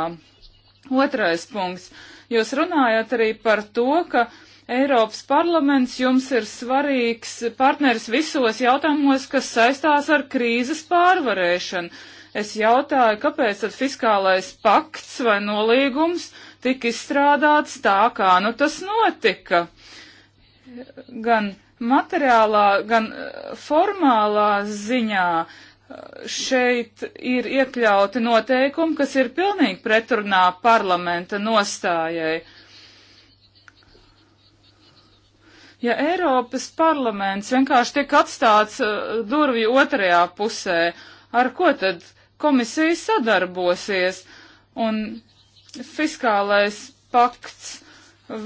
Otrais punkts. Jūs runājat arī par to, ka Eiropas parlaments jums ir svarīgs partners visos jautājumos, kas saistās ar krīzes pārvarēšanu. Es jautāju, kāpēc tad fiskālais pakts vai nolīgums tika izstrādāts tā, kā nu tas notika. Gan materiālā, gan eh, formālā ziņā eh, šeit ir iekļauti noteikumi, kas ir pilnīgi pretrunā parlamenta nostājai. Uh, Ja Eiropas parlaments vienkārši tiek atstāts uh, durvju otrajā pusē, ar ko tad komisija sadarbosies? Un fiskālais pakts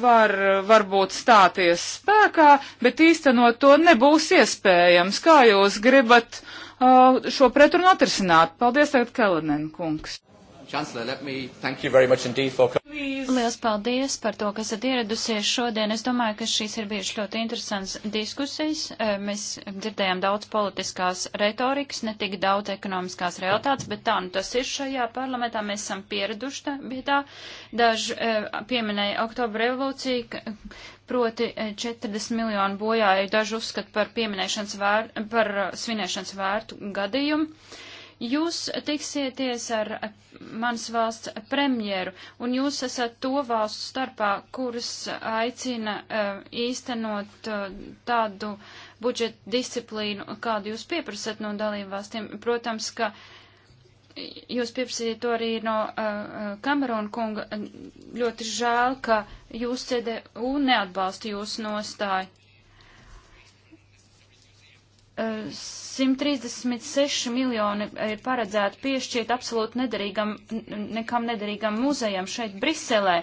var varbūt stāties spēkā, bet īstenot to nebūs iespējams. Kā jūs gribat uh, šo pretrunu atrisināt? Paldies, tagad Kelenen kungs. Chancellor, let me thank you very much indeed for Liels paldies par to, ka esat ieradusies šodien. Es domāju, ka šīs ir bijušas ļoti interesants diskusijas. Mēs dzirdējām daudz politiskās retorikas, ne tik daudz ekonomiskās realitātes, bet tā nu tas ir šajā parlamentā. Mēs esam pieraduši tā, pie tā. Daži pieminēja oktobra revolūciju, proti 40 miljonu bojāju, daži uzskat par pieminēšanas vērt, par svinēšanas vērtu gadījumu. Jūs tiksieties ar mans valsts premjeru, un jūs esat to valstu starpā, kuras aicina eh, īstenot eh, tādu budžeta disciplīnu, kādu jūs pieprasat no dalību valstīm. Protams, ka jūs pieprasījāt to arī no uh, Kamerona kunga. Ļoti žēl, ka jūs CDU neatbalsta jūsu nostāju. 136 miljoni ir paredzēti piešķirt absolūti nederīgam, nekam nederīgam muzejam šeit Briselē.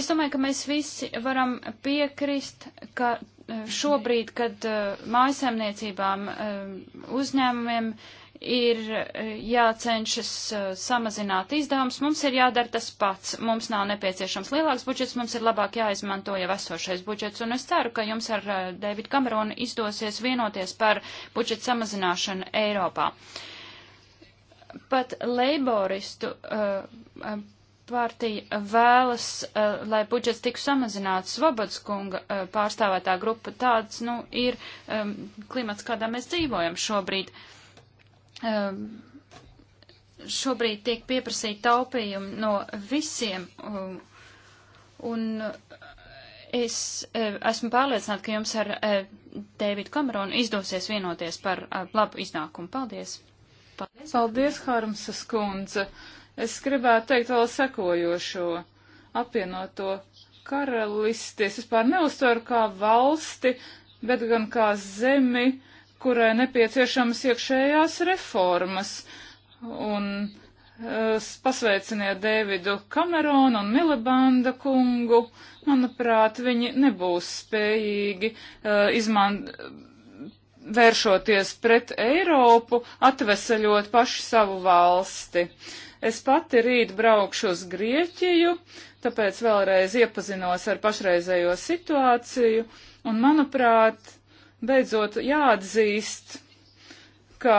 Es domāju, ka mēs visi varam piekrist, ka e, šobrīd, kad e, mājasēmniecībām, e, uzņēmumiem, uh, ir e, jācenšas e, samazināt izdevumus, mums ir jādara tas pats. Mums nav nepieciešams lielāks budžets, mums ir labāk jāizmanto jau esošais budžets, un es ceru, ka jums ar e, Davidu Kameronu izdosies vienoties par budžeta samazināšanu Eiropā. Pat leiboristu uh, partija vēlas, uh, lai budžets tiktu samazināts Svobodskunga uh, pārstāvētā grupa. Tāds, nu, ir um, klimats, kādā mēs dzīvojam šobrīd. Uh, Ehm, šobrīd tiek pieprasīti taupījumi no visiem, um, un es e, esmu pārliecināta, ka jums ar e, Dēvidu Kameronu izdosies vienoties par e, labu iznākumu. Paldies! Paldies, Paldies Harmsas kundze! Es gribētu teikt vēl sekojošo apvienoto karalisti. Es vispār neuztveru kā valsti, bet gan kā zemi kurai nepieciešamas iekšējās reformas. Un es eh, pasveiciniet Dēvidu Kameronu un Milibanda kungu. Manuprāt, viņi nebūs spējīgi uh, eh, izmantot vēršoties pret Eiropu, atveseļot pašu savu valsti. Es pati rīt braukšu uz Grieķiju, tāpēc vēlreiz iepazinos ar pašreizējo situāciju, un manuprāt, beidzot jāatzīst, ka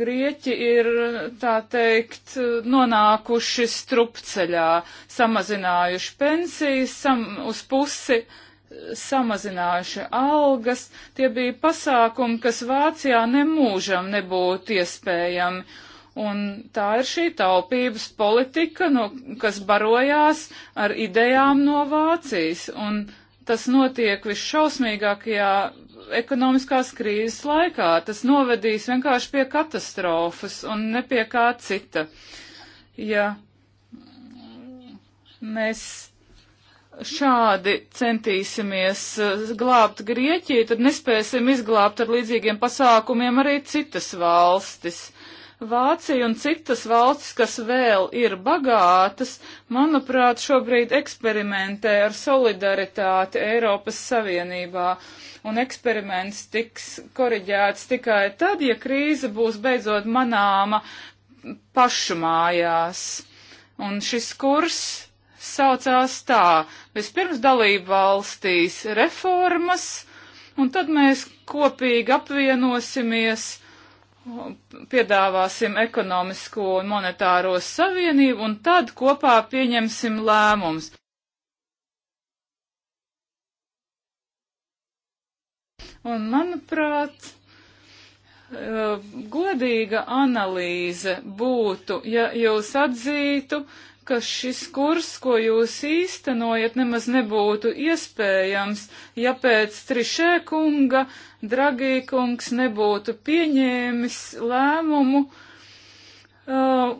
grieķi ir, tā teikt, nonākuši strupceļā, samazinājuši pensijas, sam, uz pusi samazinājuši algas. Tie bija pasākumi, kas Vācijā nemūžam nebūtu iespējami. Un tā ir šī taupības politika, no, kas barojās ar idejām no Vācijas. Un, uh, Tas notiek visšausmīgākajā ekonomiskās krīzes laikā. Tas novedīs vienkārši pie katastrofas un ne pie kā cita. Ja mēs šādi centīsimies uh, glābt Grieķiju, tad nespēsim izglābt ar līdzīgiem pasākumiem arī citas valstis. Vācija un citas valstis, kas vēl ir bagātas, manuprāt, šobrīd eksperimentē ar solidaritāti Eiropas Savienībā. Un eksperiments tiks koriģēts tikai tad, ja krīze būs beidzot manāma pašu mājās. Un šis kurs saucās tā. Vispirms dalību valstīs reformas, un tad mēs kopīgi apvienosimies piedāvāsim ekonomisko un monetāro savienību un tad kopā pieņemsim lēmums. Un manuprāt, eh, godīga analīze būtu, ja jūs atzītu, ka šis kurs, ko jūs īstenojat, nemaz nebūtu iespējams, ja pēc Trišē kunga Dragī kungs nebūtu pieņēmis lēmumu uh,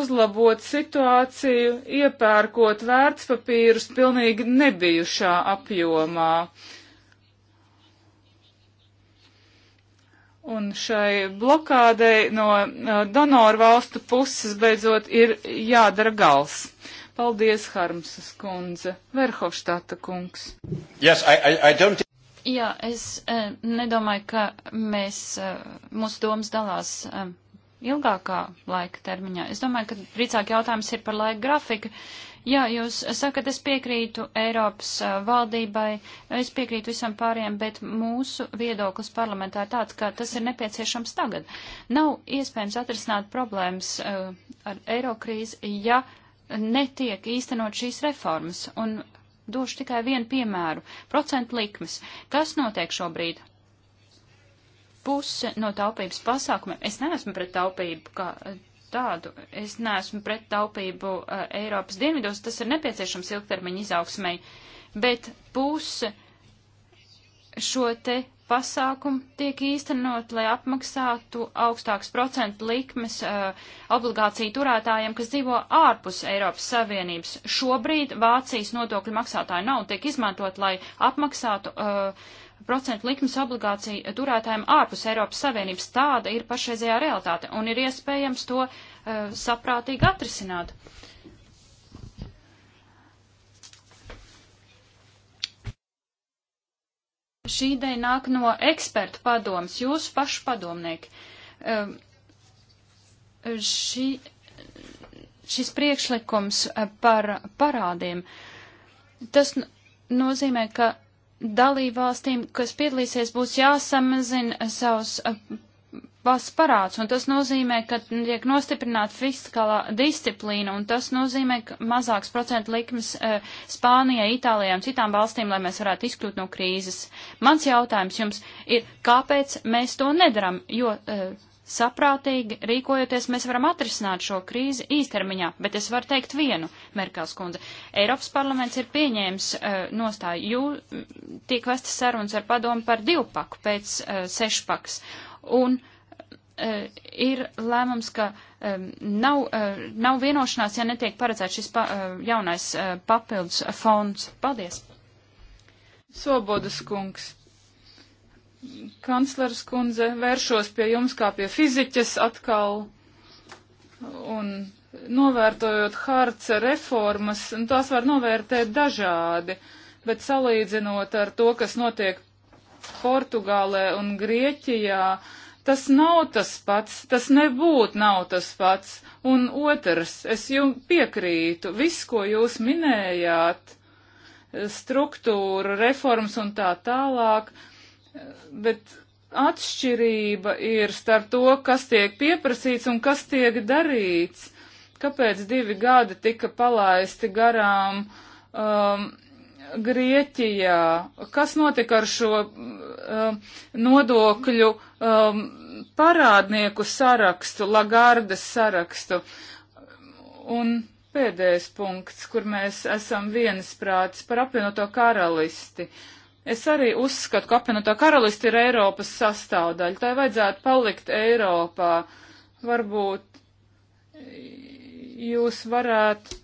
uzlabot situāciju, iepērkot vērtspapīrus pilnīgi nebijušā apjomā. Uh, Un šai blokādei no uh, donoru valstu puses beidzot ir jādara gals. Paldies, Harmsas kundze. Verhofštāta kungs. Yes, I, I, I don't... Jā, es eh, nedomāju, ka mēs, eh, mūsu domas dalās eh, ilgākā laika termiņā. Es domāju, ka drīzāk jautājums ir par laika grafiku. Eh, Jā, jūs sakat, es piekrītu Eiropas valdībai, es piekrītu visam pārējiem, bet mūsu viedoklis parlamentā ir tāds, ka tas ir nepieciešams tagad. Nav iespējams atrisināt problēmas ar eiro krīzi, ja netiek īstenot šīs reformas. Un došu tikai vienu piemēru - procentu likmes. Kas notiek šobrīd? Puse no taupības pasākumiem. Es neesmu pret taupību, kā tādu. Es neesmu pret taupību uh, Eiropas dienvidos, tas ir nepieciešams ilgtermiņa izaugsmai, bet puse šo te pasākumu tiek īstenot, lai apmaksātu augstāks procentu likmes uh, obligāciju turētājiem, kas dzīvo ārpus Eiropas Savienības. Šobrīd Vācijas nodokļu maksātāju naudu tiek izmantot, lai apmaksātu uh, procentu likmes obligāciju turētājiem ārpus Eiropas Savienības. Tāda ir pašreizējā realitāte un ir iespējams to uh, saprātīgi atrisināt. Šī ideja nāk no ekspertu padomas, jūsu pašu padomnieki. Uh, šī, šis priekšlikums eh, par parādiem, tas nozīmē, ka dalībvalstīm, kas piedalīsies, būs jāsamazina savus eh, valsts parāds, un tas nozīmē, ka tiek nostiprināta fiskālā disciplīna, un tas nozīmē, ka mazāks procentu likmes e, Spānijai, Itālijai un citām valstīm, lai mēs varētu izkļūt no krīzes. Mans jautājums jums ir, kāpēc mēs to nedaram, jo e, saprātīgi rīkojoties, mēs varam atrisināt šo krīzi īstermiņā, bet es varu teikt vienu, Merkels kundze. Eiropas parlaments ir pieņēmis uh, nostāju, jū, tiek vestas sarunas ar padomu par divpaku pēc uh, sešpaks. Un, Uh, ir lēmums, ka um, nav, uh, nav vienošanās, ja netiek paredzēts šis pa, uh, jaunais uh, papildus fonds. Paldies! Sobodas kungs kanclers kundze, vēršos pie jums kā pie fiziķes atkal un novērtojot Harca reformas, nu, tās var novērtēt dažādi, bet salīdzinot ar to, kas notiek Portugālē un Grieķijā, tas nav tas pats, tas nebūtu nav tas pats. Un otrs, es jums piekrītu, viss, ko jūs minējāt, struktūra, reformas un tā tālāk, bet atšķirība ir starp to, kas tiek pieprasīts un kas tiek darīts. Kāpēc divi gadi tika palaisti garām um, Grieķijā? Kas notika ar šo um, nodokļu um, parādnieku sarakstu, Lagardas sarakstu? Un pēdējais punkts, kur mēs esam viensprāts par apvienoto karalisti. Uh, Es arī uzskatu, ka apvienotā karaliste ir Eiropas sastāvdaļa. Tai vajadzētu palikt Eiropā. Varbūt jūs varētu.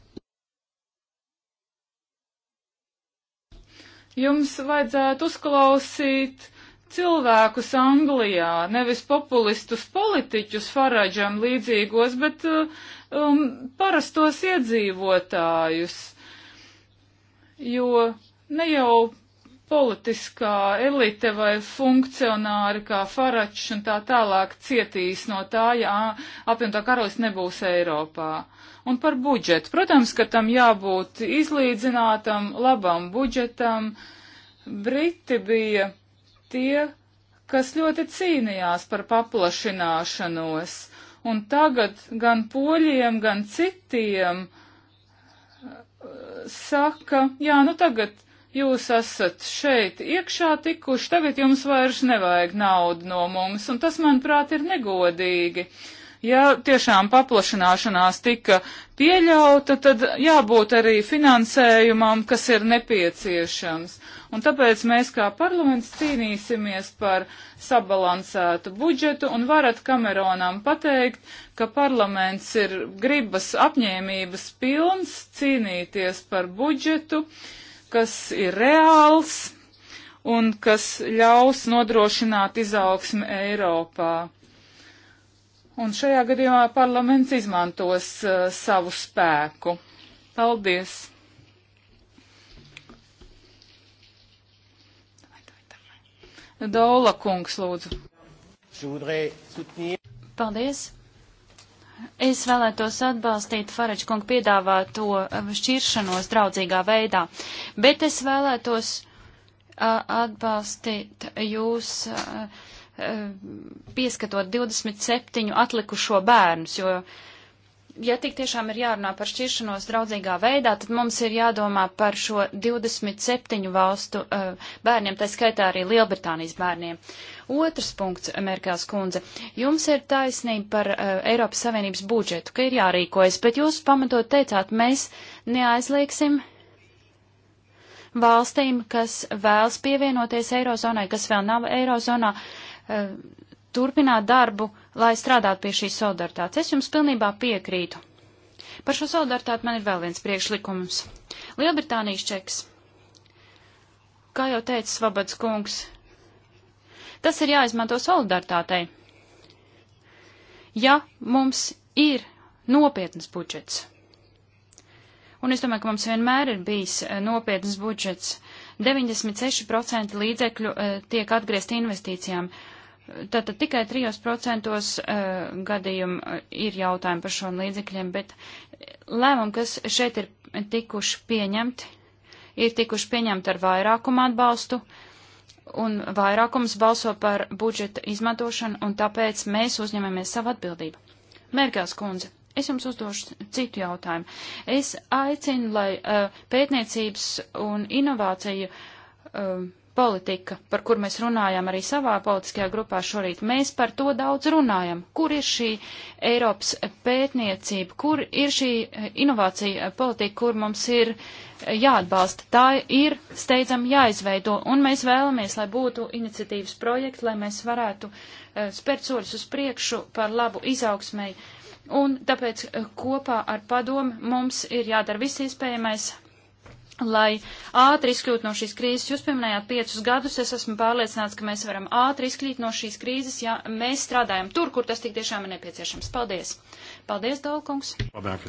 Jums vajadzētu uzklausīt cilvēkus Anglijā, nevis populistus politiķus Faradžam līdzīgos, bet uh, um, parastos iedzīvotājus. Jo ne jau politiskā elite vai funkcionāri kā Faračs un tā tālāk cietīs no tā, ja apvienotā karalists nebūs Eiropā. Un par budžetu. Protams, ka tam jābūt izlīdzinātam, labam budžetam. Briti bija tie, kas ļoti cīnījās par paplašināšanos, un tagad gan poļiem, gan citiem eh, saka, jā, nu tagad jūs esat šeit iekšā tikuši, tagad jums vairs nevajag naudu no mums, un tas, manuprāt, ir negodīgi. Ja tiešām paplašanāšanās tika pieļauta, tad jābūt arī finansējumam, kas ir nepieciešams. Un tāpēc mēs kā parlaments cīnīsimies par sabalansētu budžetu un varat Kameronam pateikt, ka parlaments ir gribas apņēmības pilns cīnīties par budžetu. Uh, kas ir reāls un kas ļaus nodrošināt izaugsmi Eiropā. Un šajā gadījumā parlaments izmantos uh, savu spēku. Paldies! Daula kungs, lūdzu. Paldies! Es vēlētos atbalstīt Faraģa kungu piedāvāto um, šķiršanos draudzīgā veidā, bet es vēlētos atbalstīt jūs pieskatot 27 atlikušo bērnus, jo ja tik tiešām ir jārunā par šķiršanos draudzīgā veidā, tad mums ir jādomā par šo 27 valstu uh, bērniem, tā skaitā arī Lielbritānijas bērniem. Otrs punkts, Merkels kundze, jums ir taisnība par uh, Eiropas Savienības budžetu, ka ir jārīkojas, bet jūs pamatot teicāt, mēs neaizlieksim valstīm, kas vēlas pievienoties Eirozonai, kas vēl nav Eirozonā, uh, turpināt darbu uh, lai strādātu pie šīs solidaritātes. Es jums pilnībā piekrītu. Par šo solidaritāti man ir vēl viens priekšlikums. Lielbritānijas čeks. Kā jau teica Svabats kungs, tas ir jāizmanto solidaritātei. Ja mums ir nopietnas budžets, un es domāju, ka mums vienmēr ir bijis eh, nopietnas budžets, 96% līdzekļu eh, tiek atgriezt investīcijām, Tātad tikai 3% eh, gadījumu eh, ir jautājumi par šo līdzekļiem, bet lēmumi, kas šeit ir tikuši pieņemti, ir tikuši pieņemti ar vairākumu atbalstu, un vairākums balso par budžeta izmantošanu, un tāpēc mēs uzņemamies savu atbildību. Merkels kundze, es jums uzdošu citu jautājumu. Es aicinu, lai uh, pētniecības un inovāciju uh, politika, par kur mēs runājam arī savā politiskajā grupā šorīt, mēs par to daudz runājam. Kur ir šī Eiropas pētniecība, kur ir šī eh, inovācija eh, politika, kur mums ir eh, jāatbalsta? Tā ir steidzam jāizveido, un mēs vēlamies, lai būtu iniciatīvas projekti, lai mēs varētu uh, spērt soļus uz priekšu par labu izaugsmēji. Un tāpēc uh, kopā ar padomu mums ir jādara viss iespējamais, lai ātri izkļūtu no šīs krīzes. Jūs pieminējāt piecus gadus, es esmu pārliecināts, ka mēs varam ātri izkļūt no šīs krīzes, ja mēs strādājam tur, kur tas tik tiešām ir nepieciešams. Paldies! Paldies, Dolkungs! Labāk!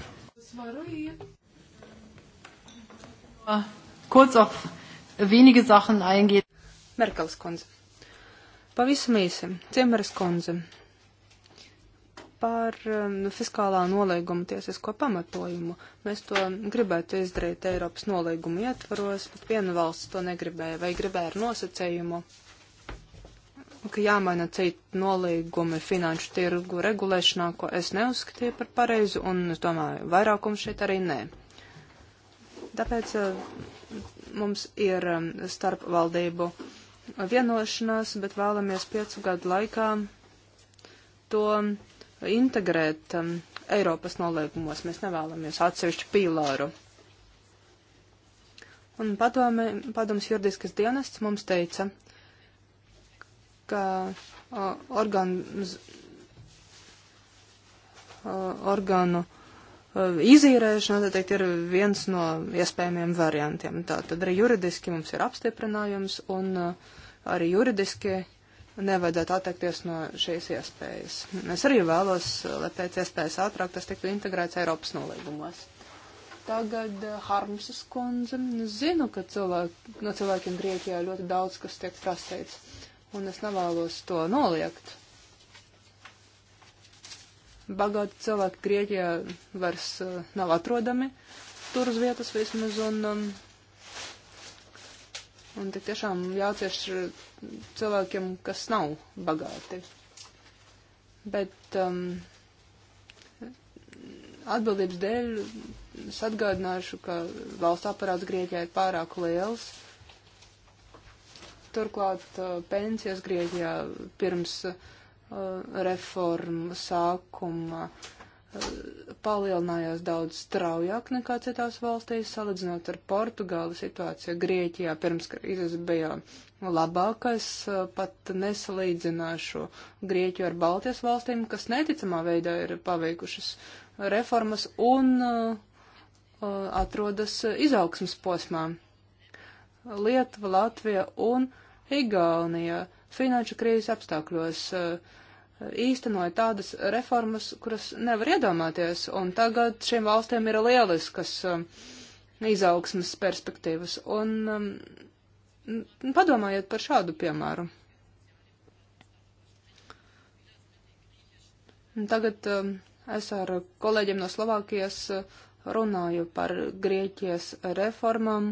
Äh, kurz auf wenige Sachen eingeht. Merkels kundze. Pavisam īsi. Ciemeres kundze par um, nu, fiskālā nolīguma tiesisko pamatojumu. Mēs to gribētu izdarīt Eiropas nolīguma ietvaros, bet viena valsts to negribēja vai gribēja ar nosacējumu, ka jāmaina citu nolīgumi finanšu tirgu regulēšanā, ko es neuzskatīju par pareizu, un es domāju, vairākums šeit arī nē. Tāpēc uh, mums ir um, starp valdību vienošanās, bet vēlamies piecu gadu laikā to integrēt um, Eiropas noliekumos. Mēs nevēlamies atsevišķu pīlāru. Un padome, padomas juridiskas dienests mums teica, ka uh, organu, uh, organu uh, izīrēšana teikt, ir viens no iespējamiem variantiem. Tā tad arī juridiski mums ir apstiprinājums un uh, arī juridiski nevajadzētu atteikties no šīs iespējas. Es arī vēlos, eh, lai pēc iespējas ātrāk tas tiktu integrēts Eiropas nolīgumos. Tagad eh, Harmsas kundze. Es zinu, ka cilvēki, no cilvēkiem Grieķijā ļoti daudz kas tiek prasīts, un es nevēlos to noliegt. Bagāti cilvēki Grieķijā vairs eh, nav atrodami tur uz vietas vismaz, un um, Un tik tiešām jācieš cilvēkiem, kas nav bagāti. Bet um, atbildības dēļ es atgādināšu, ka valsts aparāts Grieķijā ir pārāk liels. Turklāt uh, pensijas Grieķijā pirms uh, reformu sākuma uh, palielinājās daudz straujāk nekā citās valstīs, salīdzinot ar Portugāli situāciju. Grieķijā pirms krīzes bija labākais, eh, pat nesalīdzināšu Grieķu ar Baltijas valstīm, kas neticamā veidā ir paveikušas reformas un uh, atrodas izaugsmas posmā. Lietuva, Latvija un Igaunija finanšu krīzes apstākļos uh, īstenoja tādas reformas, kuras nevar iedomāties, un tagad šiem valstiem ir lieliskas um, izaugsmas perspektīvas. Un um, padomājiet par šādu piemēru. Tagad um, es ar kolēģiem no Slovākijas uh, runāju par Grieķijas reformām.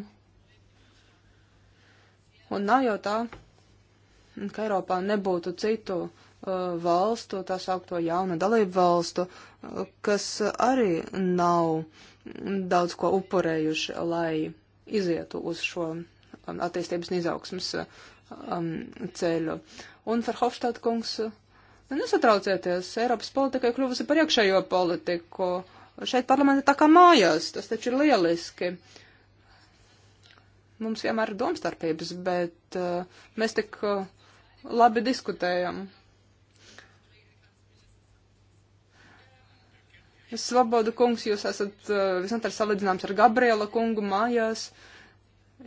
Un nav jau tā, ka Eiropā nebūtu citu uh, Uh, valstu, tā saukto jaunu dalību valstu, uh, kas arī nav daudz ko upurējuši, lai izietu uz šo um, attīstības un izaugsmas uh, um, ceļu. Un Ferhofstāt kungs, nesatraucieties, Eiropas politika ir kļuvusi par iekšējo politiku. Šeit parlamenta tā kā mājās, tas taču ir lieliski. Mums vienmēr ir domstarpības, bet uh, mēs tik uh, labi diskutējam. Svoboda kungs, jūs esat uh, visnotaļ salīdzināms ar Gabriela kungu mājās.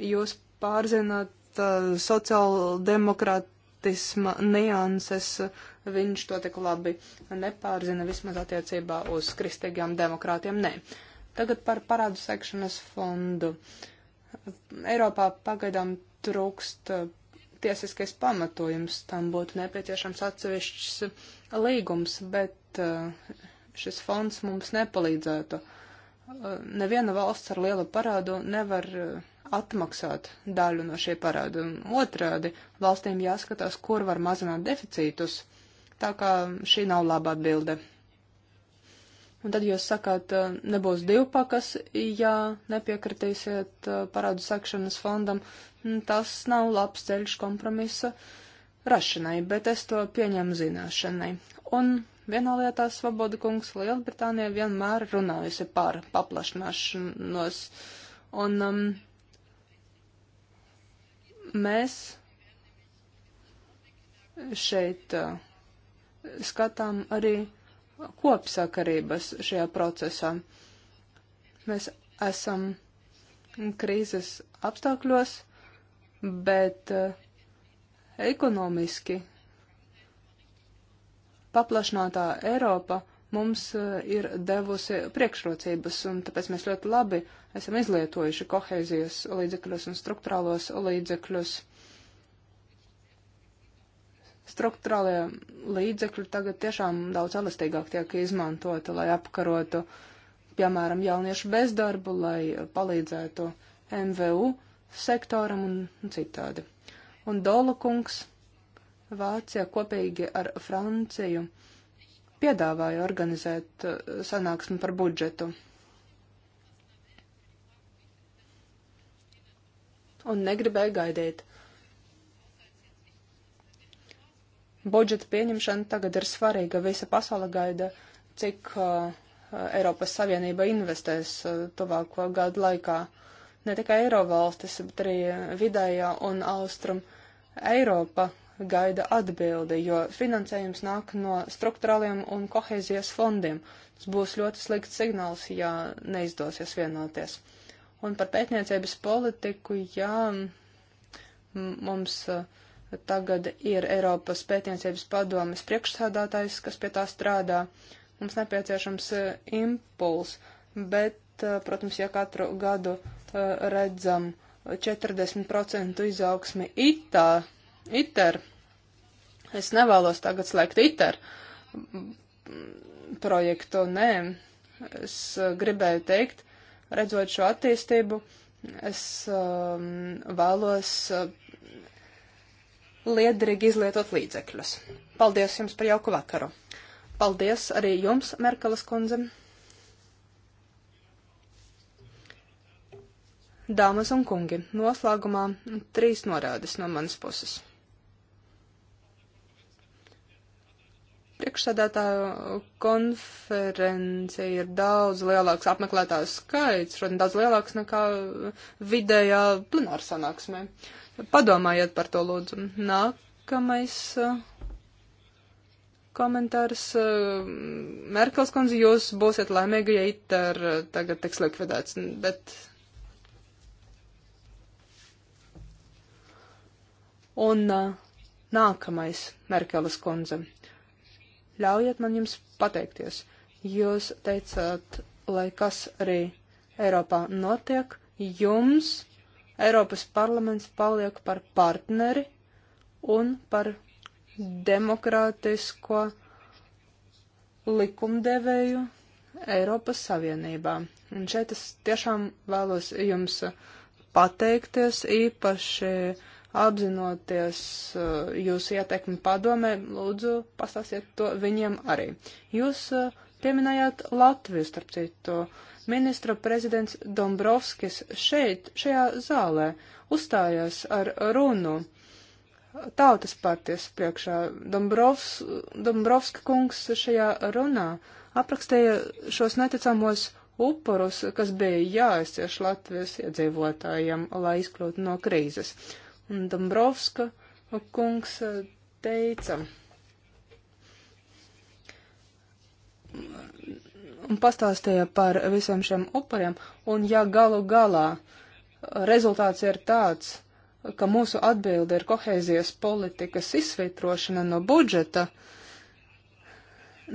Jūs pārzināt uh, sociāldemokrātisma nianses, viņš to tik labi nepārzina vismaz attiecībā uz kristīgiem demokrātiem. Nē. Tagad par parādu sekšanas fondu. Eiropā pagaidām trūkst uh, tiesiskais pamatojums, tam būtu nepieciešams atsevišķs līgums, bet uh, šis fonds mums nepalīdzētu. Uh, neviena valsts ar lielu parādu nevar uh, atmaksāt daļu no šī parāda. Otrādi, valstīm jāskatās, kur var mazināt deficītus. Tā kā šī nav laba atbilde. Un tad jūs sakāt, uh, nebūs divpakas, ja nepiekritīsiet parādu sekšanas fondam. Mm, tas nav labs ceļš kompromisa rašanai, bet es to pieņemu zināšanai. Un Vienā lietā Svoboda kungs Lielbritānija vienmēr runājusi par paplašināšanos. Un um, mēs šeit uh, skatām arī kopsakarības šajā procesā. Mēs esam krīzes apstākļos, bet uh, ekonomiski paplašinātā Eiropa mums eh, ir devusi priekšrocības, un tāpēc mēs ļoti labi esam izlietojuši kohēzijas līdzekļus un struktūrālos līdzekļus. Struktūrālie līdzekļi tagad tiešām daudz elastīgāk tiek izmantoti, lai apkarotu, piemēram, jauniešu bezdarbu, lai palīdzētu MVU sektoram un citādi. Un Dola kungs Vācija kopīgi ar Franciju piedāvāja organizēt uh, sanāksmi par budžetu. Un negribēja gaidīt. Budžeta pieņemšana tagad ir svarīga. Visa pasaule gaida, cik uh, Eiropas Savienība investēs uh, tuvāko gadu laikā. Ne tikai Eirovalstis, bet arī vidējā un austrum Eiropa gaida atbildi, jo finansējums nāk no struktūrāliem un kohēzijas fondiem. Tas būs ļoti slikts signāls, ja neizdosies vienoties. Un par pētniecības politiku, jā, mums eh, tagad ir Eiropas pētniecības padomes priekšsādātājs, kas pie tā strādā. Mums nepieciešams eh, impuls, bet, eh, protams, ja katru gadu redzam 40% izaugsmi itā, ITER. Es nevēlos tagad slēgt ITER projektu, nē. Es uh, gribēju teikt, redzot šo attīstību, es um, vēlos uh, liederīgi izlietot līdzekļus. Paldies jums par jauku vakaru. Paldies arī jums, Merkelas kundze. Dāmas un kungi, noslēgumā trīs norādes no manas puses. priekšsēdētāju konference ir daudz lielāks apmeklētāju skaits, šodien daudz lielāks nekā vidējā plenāra sanāksmē. Padomājiet par to lūdzu. Nākamais uh, komentārs. Uh, Merkels kundze, jūs būsiet laimīgi, ja ITER uh, tagad tiks likvidēts, bet Un uh, nākamais Merkeles kundze. Ļaujiet man jums pateikties. Jūs teicāt, lai kas arī Eiropā notiek, jums Eiropas parlaments paliek par partneri un par demokrātisko likumdevēju Eiropas Savienībā. Un šeit es tiešām vēlos jums pateikties īpaši uh, apzinoties uh, jūsu ietekmi padomē, lūdzu pastāstiet to viņiem arī. Jūs uh, pieminējāt Latviju, starp citu, ministra prezidents Dombrovskis šeit, šajā zālē, uzstājās ar runu tautas partijas priekšā. Dombrovs, Dombrovska kungs šajā runā aprakstīja šos neticamos upurus, kas bija jāizcieš Latvijas iedzīvotājiem, lai izkļūtu no krīzes. Un Dombrovska kungs e, teica, un pastāstīja par visiem šiem upuriem, un ja galu galā rezultāts ir tāds, ka mūsu atbilde ir kohēzijas politikas izsvitrošana no budžeta,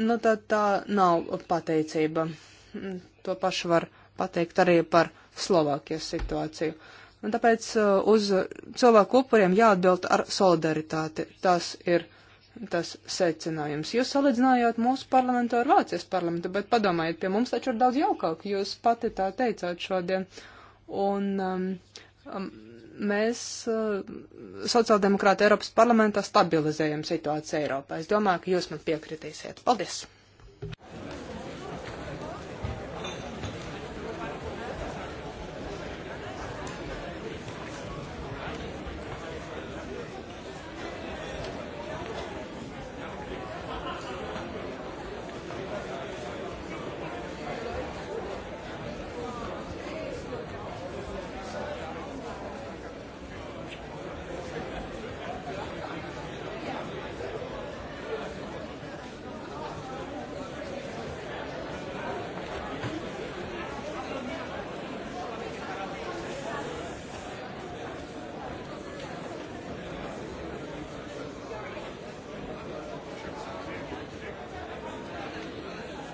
nu tad tā nav pateicība. To pašu var pateikt arī par Slovākijas situāciju. Uh, Un tāpēc uh, uz cilvēku upuriem jāatbild ar solidaritāti. Tas ir tas secinājums. Jūs salīdzinājāt mūsu parlamentu ar Vācijas parlamentu, bet padomājiet, pie mums taču ir daudz jaukāk. Jūs pati tā teicāt šodien. Un um, um, mēs, uh, sociāldemokrāti Eiropas parlamentā, stabilizējam situāciju Eiropā. Es domāju, ka jūs man piekritīsiet. Paldies!